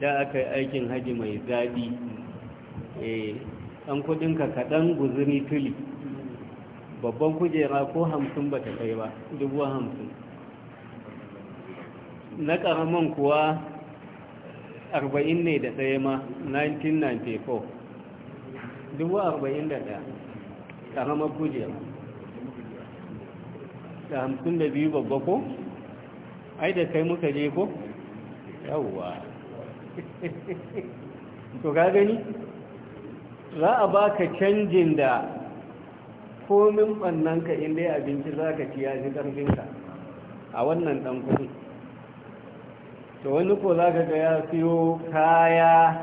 da aka yi aikin haji mai zaɓi eh, ɗan kudinka kaɗan guzuri tuli babban kujera ko hamsin ba ta kai ba dubu hamsin na ƙaramin kuwa arba'in ne da ɗaya ma 1994 dubu arba'in da ɗaya kujera da hamsin da biyu babba ko? ai da kai muka je ko yawwa to ka gani za a baka canjin da komin ka inda ya abinci za ka ciya shi ƙarfinka a wannan ɗan kudin to wani ko za ka ya siyo kaya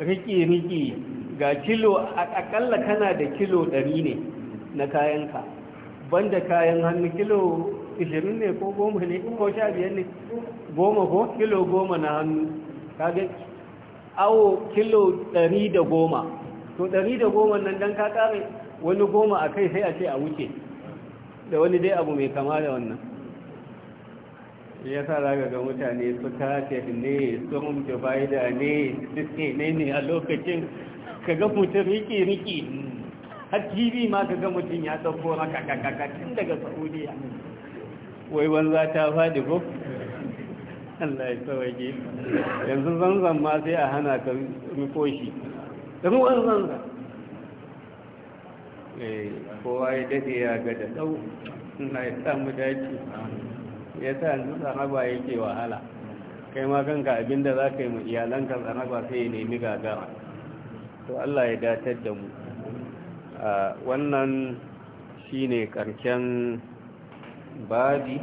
riki-riki ga kilo akalla kana da kilo ɗari ne na kayanka banda kayan hannu kilo ishirin ne ko goma ne ko sha biyar ne goma ko kilo goma na hannu kage awo kilo ɗari da goma to ɗari da goma nan don ka ƙare wani goma a kai sai a ce a wuce da wani dai abu mai kama da wannan ya sa za ga mutane su tace ne su rumce fa'ida ne suke ne ne a lokacin ka ga mutum riki-riki har tv ma ka ga mutum ya ɗauko maka kakakakin daga saudiya wai banza ta faɗi ko Allah ya tsawage yanzu zanzan ma sai a hana ka mikoshi shi ruwan zanzan eh, kowa ya dade ya ga da ɗau na ya samu dace ya sa yanzu tsanaba yake wahala kai ma kanka abinda za ka yi mu iyalanka tsanaba sai ya nemi gagara to Allah ya datar da mu ah, wannan shi ne karken babi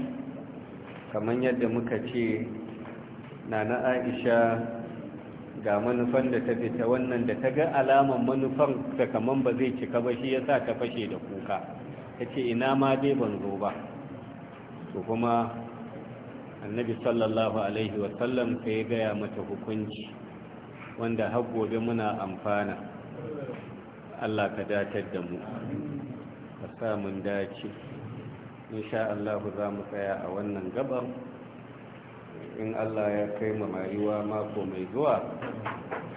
kamar yadda muka ce na na aisha ga manufan da ta fita wannan da ta ga alaman manufan da kamar ba zai cika ba shi ya sa ta fashe da kuka ta ce ina ma dai ban zo ba to kuma annabi sallallahu alaihi wasallam ka ya gaya mata hukunci wanda har gobe muna amfana Allah ka datar da mu ka sa mun dace insha Allah za mu tsaya a wannan gabar. in Allah ya kai mu rayuwa mako mai zuwa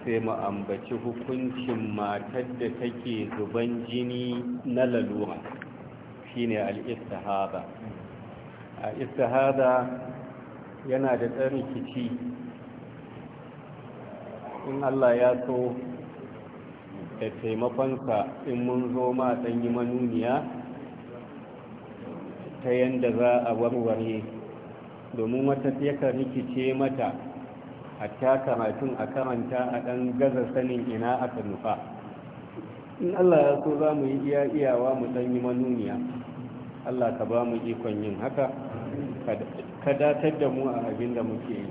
sai mu ambaci hukuncin matar da take zuban jini na lalura shine al-istihada a yana da tsarin kici in Allah ya so da taimakonsa in mun zo ma ɗanyi manuniya ta yanda za a warware domin wata yakan rikice mata a ta karatun a karanta a ɗan gaza sanin ina aka nufa in allah ya so za mu yi iya iyawa mu ɗan yi manuniya allah ka ba mu ikon yin haka ka datar da mu a abin da muke yi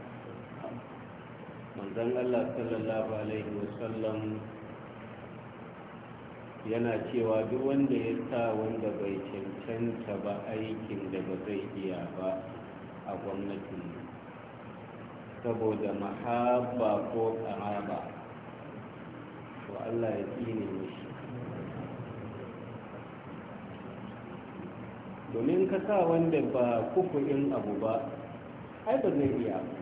manzon Allah sallallahu alaihi wasallam yana cewa duk wanda ya sa wanda bai cancanta ba aikin da ba zai iya ba a gwamnatin saboda mahaba ko karaba to Allah ya tsine mashi domin ka sa wanda ba in abu ba ai ba zai iya ba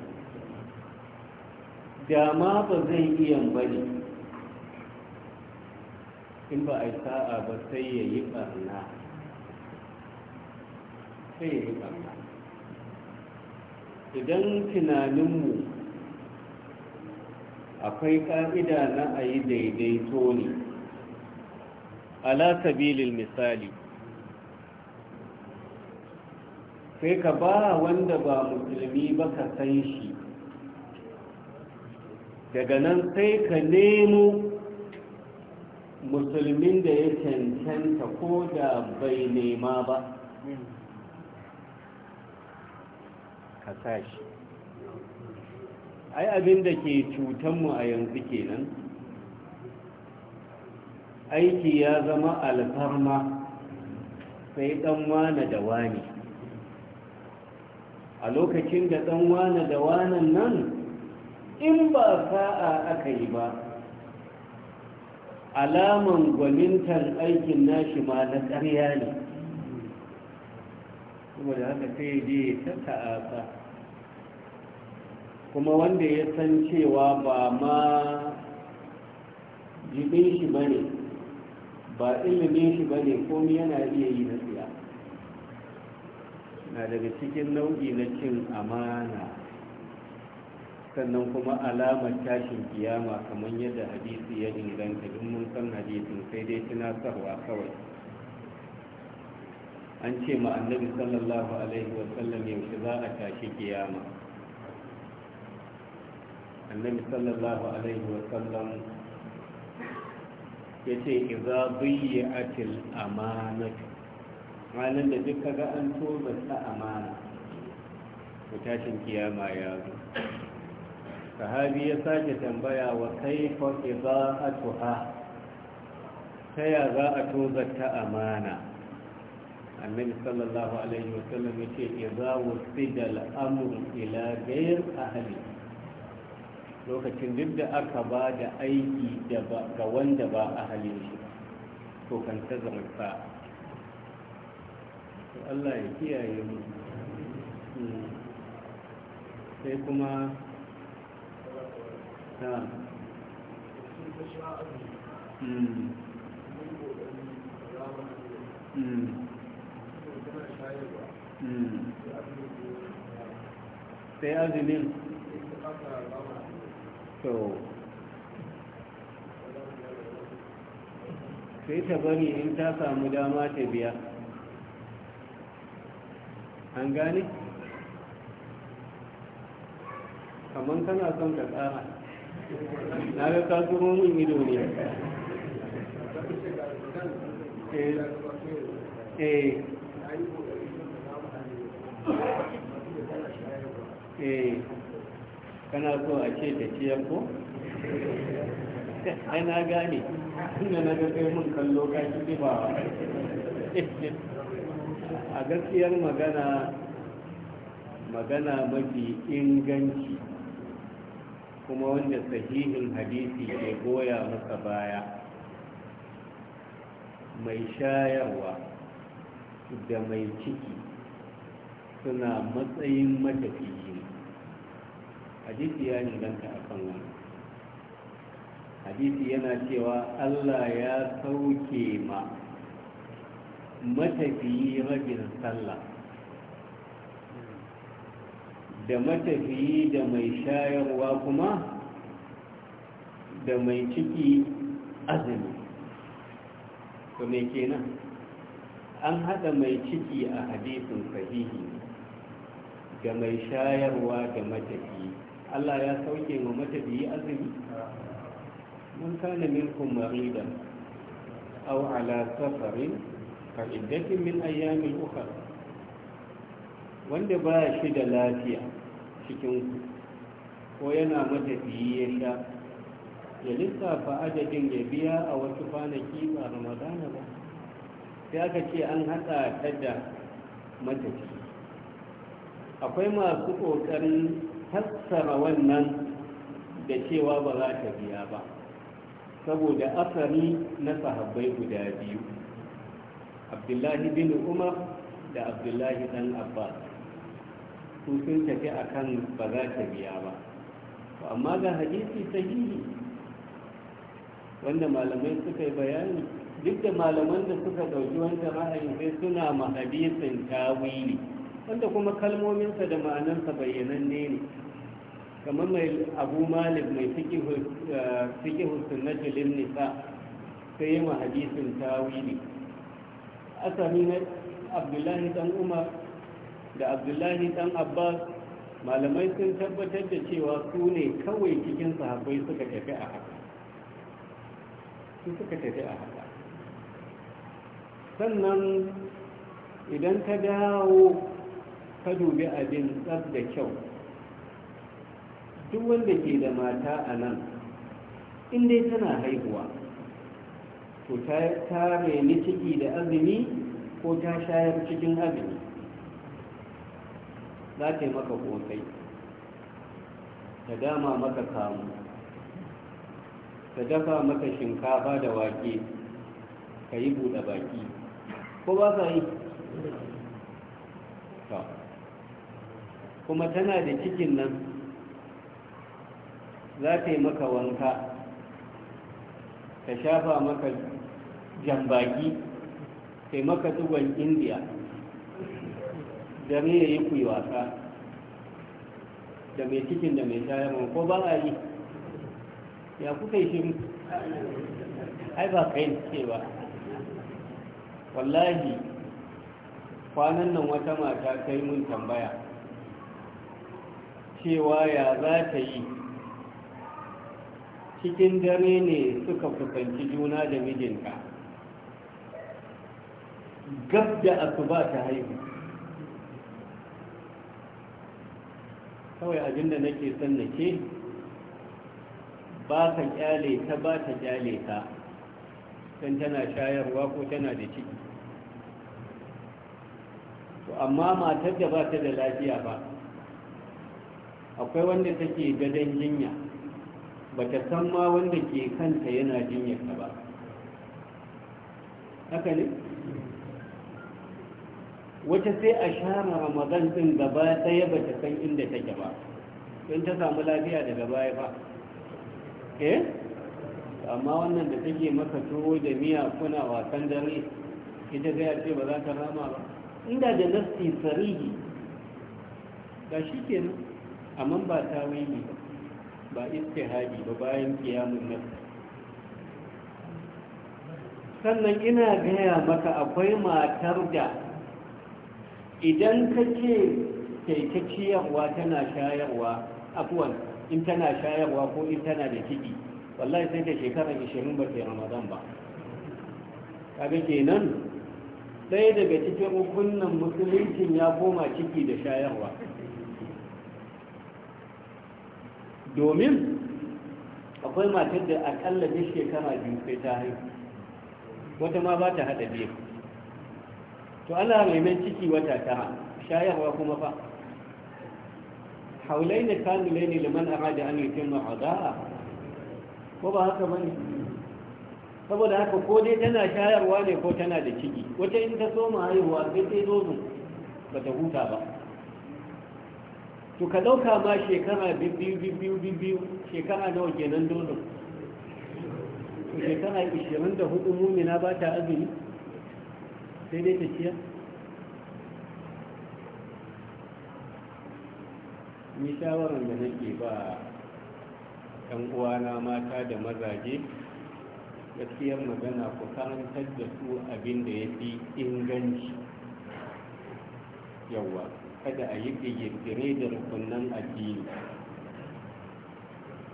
da ma ba zai iya bane in ba a yi sa'a ba sai ya yi barna sai ya yi barna idan tunaninmu akwai ƙa'ida na a yi daidaito ne ala misali sai ka ba wanda ba musulmi ba ka san shi daga nan sai ka nemo musulmin da ya cancanta ko da bai nema ba ka sa shi ai abin da ke cutanmu a yanzu kenan aiki ya zama alfarma sai dan wane da wani a lokacin da dan wane da wanan nan in ba sa'a aka yi ba alaman gwamintar aikin nashi ma na ƙarya ne kuma da haka sai je ta ta'asa kuma wanda ya san cewa ba ma jibin shi ba ne ba ilimin shi ba ne komi yana iya yi na tsiya na daga cikin nau'i na cin amana sannan kuma alamar tashin kiyama kamar yadda hadisi ya inganta duk mun san hadisin sai dai tunasarwa kawai an ce ma annabi sallallahu alaihi wasallam yaushe za a tashi kiyama annabi sallallahu alaihi wasallam ya ce iza atil amanatu ranar da duk kaga an tobe ta amana tashin kiyama ya zo sahabi ya sake tambaya wa a tuha. ta ya za a tozarta amana annabi sallallahu alaihi wasallam ya ce idza wusida al-amru ila ghayr ahali. lokacin duk da aka ba da aiki ga wanda ba ahalin shi to kan ta zarta to Allah ya kiyaye mu hmm. sai kuma sai azumin so sai ta bari in ta samu dama ta biya an gane? kamar kana son ka tsara na ga ka zuro mun ido ne eh, eh. eh kana so a ce da ciyar ko ai na gane inda na gagai mun kallo ka shi ba a gaskiyar magana magana mafi inganci kuma wanda sahihin hadisi ke goya masa baya mai shayarwa da mai ciki suna matsayin matafiyi hadisi ya inganta a kan wani hadisi yana cewa allah ya sauke ma matafiyi rabin sallah da matafiyi da mai shayarwa kuma da mai ciki azumi to me kenan an haɗa mai ciki a hadisin sahihi da mai shayarwa da matafiyi Allah ya sauke ma matafiyi azumi Mun kana minkum marida aw ala safarin fa iddatin min ayyamin ukhra wanda ba shi da lafiya cikin ko yana matafiyi ya sha ya lissafa adadin ya biya a wasu kwanaki ba ramadana ba sai aka ce an haɗa ta da matafi akwai masu ƙoƙarin fassara wannan da cewa ba za ta biya ba saboda asali na sahabbai guda biyu abdullahi bin umar da abdullahi dan abbas su tafi akan ba za ta biya ba amma ga hadisi sahihi wanda malamai suka yi bayani duk da malaman da suka ɗauki wanda ra'ayin sai suna ma tawili wanda kuma kalmominsa da ma'anansa bayyananne ne kamar mai abu malik mai fikihu eh, na jilin nisa sai yi ma hadisin tawili asali na abdullahi dan umar da abdullahi dan abbas malamai sun tabbatar da cewa su ne kawai cikin sahabbai suka tafi a haka sannan idan ka dawo ka dubi abin tsab da kyau duk wanda ke da mata a nan inda tana haihuwa to ta reni ciki da azumi ko ta shayar cikin azumi za ta yi maka kosai ta dama maka kamu ta dafa maka shinkafa da wake ka yi buɗe baki ko ba ka yi kuma tana da cikin nan za ta yi maka wanka ta shafa maka jambaki ta yi maka tugon indiya dare ya yi kuyi wasa da mai cikin da mai shayarwa ko ba a yi ya kuka yi shi ai ba kai ce ba wallahi kwanan nan wata mata ta yi mun tambaya cewa ya za ta yi cikin dare ne suka kusanci juna da mijinta gab da asuba ta haihu kawai abinda nake son na ke ba ka kyale ta ba ta kyale ta don tana shayarwa ko tana da ciki to amma matar da ba ta da lafiya ba akwai wanda take gadon jinya ba ta san ma wanda ke kanta yana jinyarta ba haka ne wata sai a share ramadan din gaba ɗaya ba ta san inda take ba don ta samu lafiya daga baya ba eh amma wannan da take maka tuwo da miya kuna wasan dare ita zai ce ba za ta rama ba inda da nasti sarihi ga shi kenan amma ba ta wani ba ba istihadi ba bayan kiyamun nan sannan ina gaya maka akwai matar da idan ka ce taikakiyarwa tana shayarwa afuwan in tana shayarwa ko in tana da ciki wallahi sai da shekarar 20 ba ke ramadan ba kaga kenan ɗaya daga cikin hukunnan musulincin ya koma ciki da shayarwa domin akwai matar da akalla da shekara biyu sai ta haihu wata ma ba ta haɗa biyu to ana raimen ciki wata tara shayarwa kuma fa haulai ne kamilai ne liman rada an yi ma a ko ba haka bane saboda haka ko dai tana shayarwa ne ko tana da ciki wata in ta soma haihuwa sai sai zo ba ta huta ba to ka dauka ma shekara biyu biyu biyu shekara nawa kenan dozin to shekara 24 mumina ba ta azumi sai dai tafiya ni shawarar da nake ba ɗan uwana mata da mazaje gaskiyar magana ku karantar da su abin da ya fi inganci yawa kada a yi ƙirƙire da rukunan addini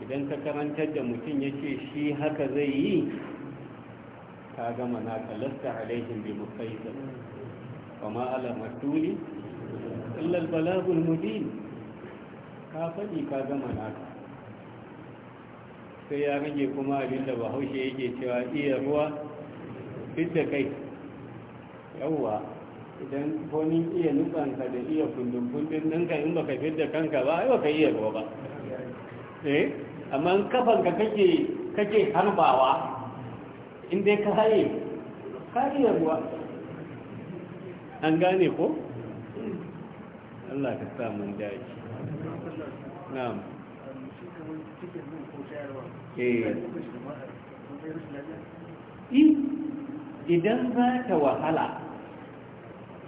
idan ka karantar da mutum ya ce shi haka zai yi ka gama na kalasta alaihim bi mukaita ma ala matuli illa al mubin ka fadi ka gama na sai ya rage kuma abinda bahaushe yake cewa iya ruwa fidda kai yawwa idan komin iya nutsanka da iya kundin-kundin ɗinka in baka fidda kanka ba ai baka iya ruwa ba eh amma in kake kake harbawa in dai ka haye ka iya ruwa an gane ko Allah ka sa mun dace na'am eh, idan za ta wahala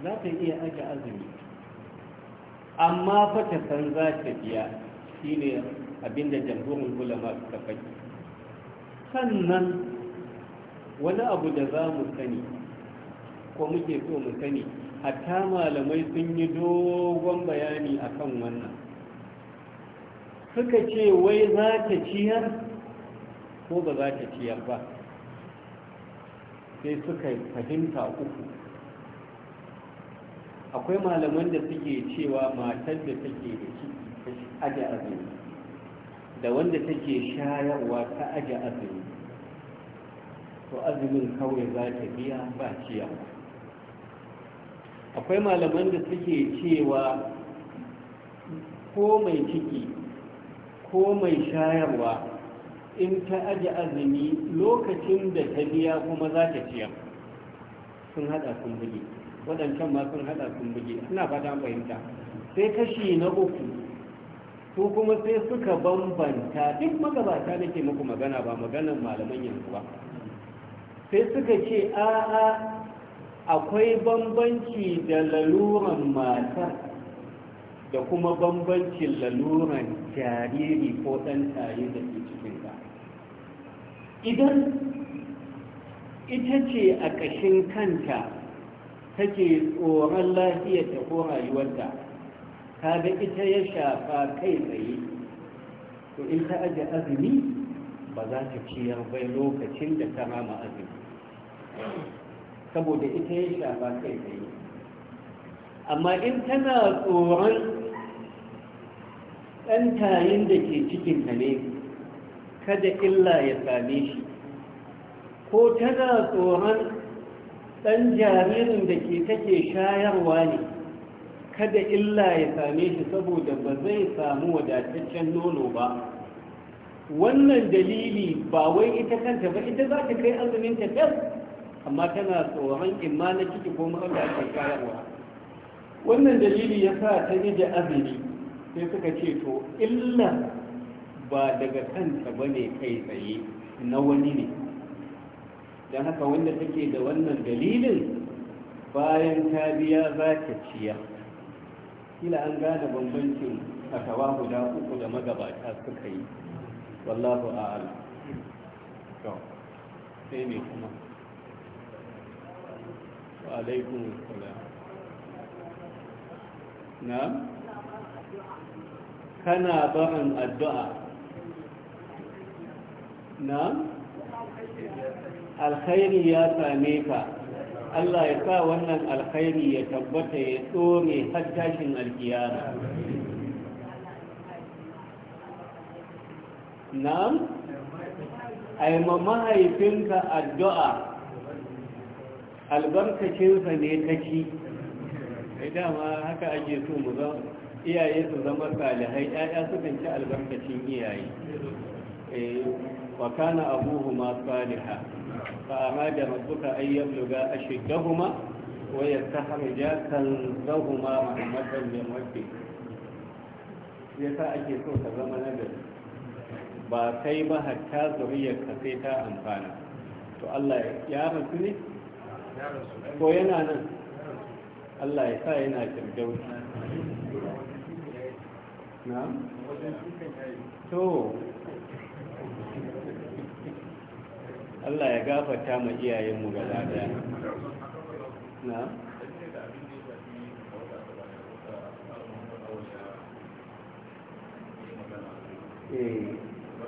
za ta iya aje azumi amma fata san za ta biya shine abinda jamhurin ulama suka faɗi sannan wani abu da za mu sani ko muke so mu sani hatta malamai sun yi dogon bayani akan wannan suka ce wai za ta ciyar ko ba za ta ciyar ba sai suka fahimta uku akwai malaman da suke cewa matar da take da ciki ta aje azumi da wanda take shayarwa ta aje azumi to azumin kawai za ta biya ba ciya akwai malaman da suke cewa ko mai ciki ko mai shayarwa in ta aji azumi lokacin da ta biya kuma za ta ciya sun hada sun buge waɗancan ma sun hada sun buge suna fata fahimta sai kashi na uku su kuma sai suka bambanta duk magabata nake muku magana ba maganan malaman yanzu ba sai suka ce a'a akwai bambanci da laluran mata da kuma bambancin laluran jariri ko ɗan tare da ke cikin ka idan ita ce a ƙashin kanta take tsoron ta ko rayuwarta kaga ita ya shafa kai tsaye to in ta aje azumi ba za ta ciyar bai lokacin da ta rama azumi saboda ita ya shafa kai tsaye amma in tana tsoron ɗan tayin da ke cikinta ne kada illa ya same shi ko tana tsoron ɗan jaririn da ke take shayarwa ne kada illa ya same shi saboda ba zai samu wadataccen nono ba wannan dalili ba wai ita kanta ba ita za ta kai azumin ta tas amma tana tsoron imma na ciki ko mara da ake kayarwa wannan dalili ya sa ta yi da azumi sai suka ce to illa ba daga kanta ba ne kai tsaye na wani ne don haka wanda take da wannan dalilin bayan ta biya za ta ciya kila an gane bambancin fatawa guda uku da magabata suka yi والله أعلم إيه وعليكم السلام نعم كان أبعا الدعاء نعم الخير يا ساميكا الله يسا ونن الخير يتبطي يسومي حتى شن الكيانة na'am ai ma mahaifinka addu'a albarkacinsa ne ta ci ai ma haka ake so mu zama iyaye su zama salihai ƴaƴa sukan ci albarkacin iyaye eh, wa kana abuhuma saliha fa amada rabbuka ay yabluga ashiddahuma wa yastahrija kanzahuma rahmatan min rabbik yasa ake so ka zama nagari ba kai ba hatta ka sai ta amfana to Allah ya rasu ne ko yana nan Allah ya sa yana kirgau na? to Allah ya gafata ma iyayenmu ga lada na? eh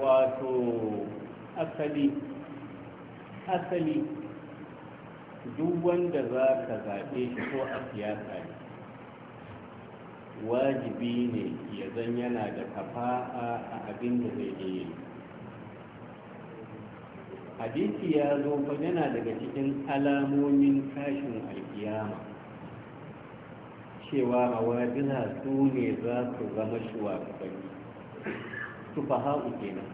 wato asali duk wanda za ka zaɓe shi ko a siyasa ne wajibi ne ya zan yana da kafa'a a abin da zai iya yi hadisi ya zo yana daga cikin alamomin tashin alkiyama cewa rawabina su ne za su zama shugabanni su fahau kenan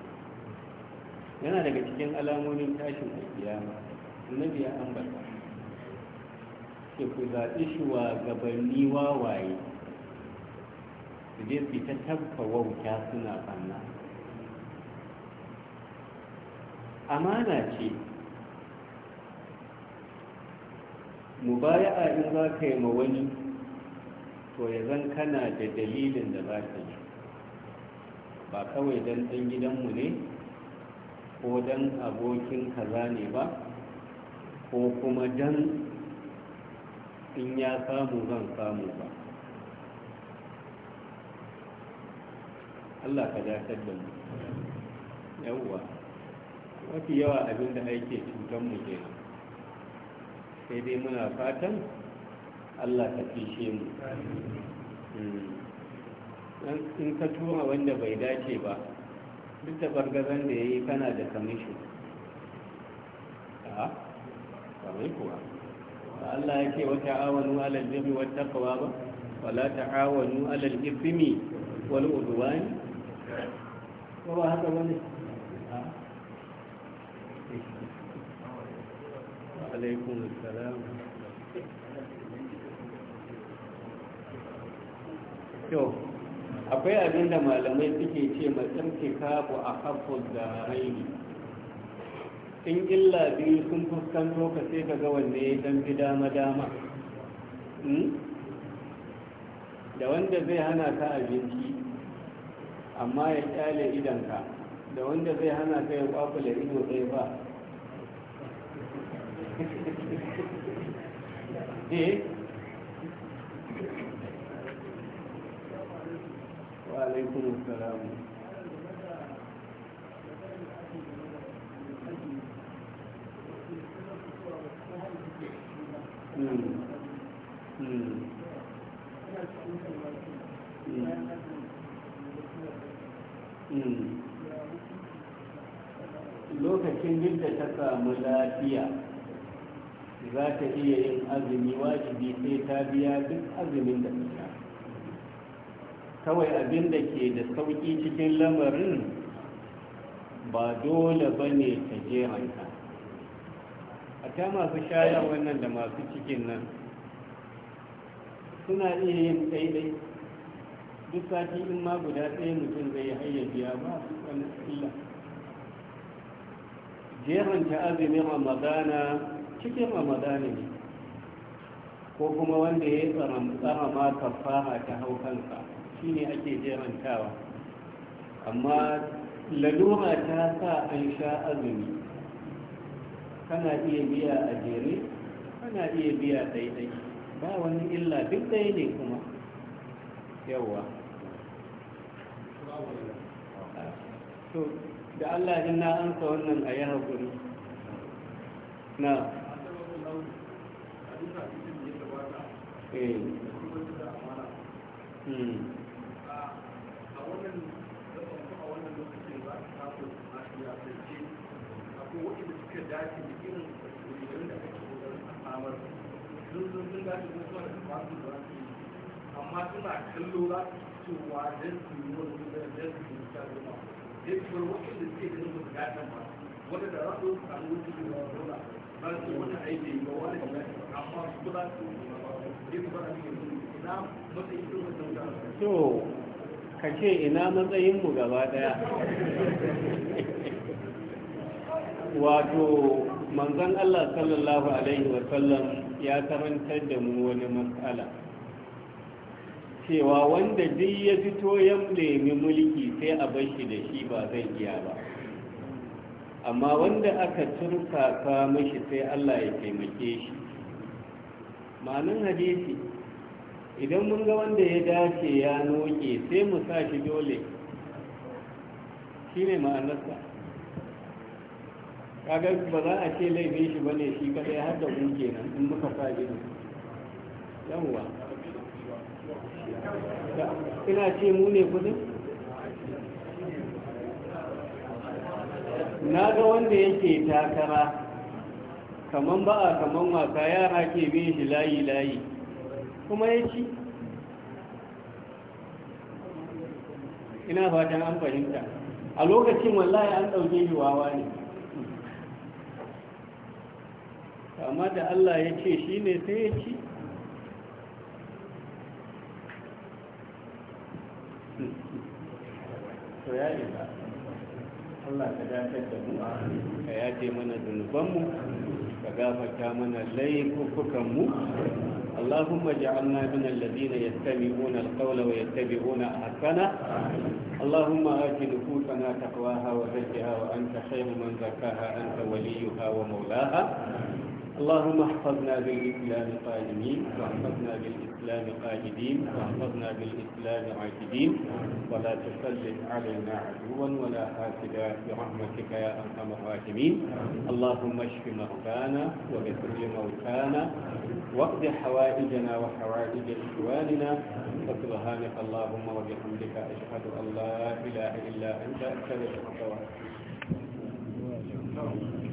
yana daga cikin alamomin tashin na biya ya ambata ke ku zaɓi shugabanni wawaye su je su ta tabka wauta suna banna amana ce mubaya'a in za ka yi ma wani to ya zan kana da dalilin da za ka yi ba kawai don ɗan gidanmu ne ko don abokin kaza ne ba ko kuma don in ya samu zan samu ba Allah ka dakar da mu yawwa mafi yawa abinda ake cutar mu kenan sai dai muna fatan Allah ka fishe mu hmm. in ka tura wanda bai dace ba duk da bargazan da ya yi kana da kamishin a ah, kuwa ba Allah ya ce wata awonu alal jami wata kawa ba wala ta awonu alal ifimi wani uduwani ba ba haka ah. wani alaikun salam to akwai abin da malamai suke ce matsamke kabu a haifar da raini in illa biyu sun fuskanto ka sai ka ga wanne ya dambi dama-dama hmm? da wanda zai hana ka abinci amma ya kyale idanka da wanda zai hana ka ya kwakula ido zai ba eh alaikum hmm. Hmm. Hmm. lokacin yadda ta samu lafiya za ta iya yin azumi wajibi sai ta biya duk azumin da ta kawai abin da ke da sauƙi cikin lamarin ba dole ba ne ta jeranta a ta masu shayar wannan da masu cikin nan suna iya yin daidai duk sati in ma guda ɗaya mutum zai hayyabiya ba su wani illa jeranta azumin ramadana cikin ramadana ne ko kuma wanda ya tsara ma fara ta hau kansa ne ake jerantawa amma lalura ta sa an sha azumi kana iya biya a jere kana iya biya daidai ba wani illa duk daya ne kuma yawa so da allah in na ansa wannan a yi haƙuri na eh amma suna kallo za su cewa don su yi wani gudanar don su yi sa zama don su bar wani wani ka ce ina matsayinmu gaba daya wato manzon Allah sallallahu alaihi wasallam ya karantar da mu wani matsala cewa wanda duk ya fito ya nemi mulki sai a bashi da shi ba zai iya ba amma wanda aka turka ka mashi sai Allah ya taimake shi ma'anin hadisi idan mun ga wanda ya dace ya noke sai mu sa shi dole shi ne ma'anarsa kaga ba za a ce laifin shi ba ne shi kadai har da kun kenan in muka sa ne. yawwa ina ce mu ne kudin na ga wanda yake takara kaman ba a kaman wasa yara ke bin shi layi-layi kuma ya ci ina fatan an fahimta a lokacin wallahi an ɗauke shi wawa ne amma da Allah ya ce shi ne sai ya ci to ya yi ba Allah ka dace da mu ka yaje mana zunubanmu ka gafarta mana laifukanmu اللهم اجعلنا من الذين يستمعون القول ويتبعون أحسنه اللهم آت نفوسنا تقواها وزكها وأنت خير من زكاها أنت وليها ومولاها اللهم احفظنا بالإسلام قائدين واحفظنا بالإسلام قائدين واحفظنا بالإسلام عاكدين ولا تسلط علينا عدوا ولا حاسدا برحمتك يا أرحم الراحمين اللهم اشف مرضانا وبكل موتانا واقض حوائجنا وحوائج إخواننا سبحانك اللهم وبحمدك أشهد أن لا إله إلا أنت أستغفرك وأتوب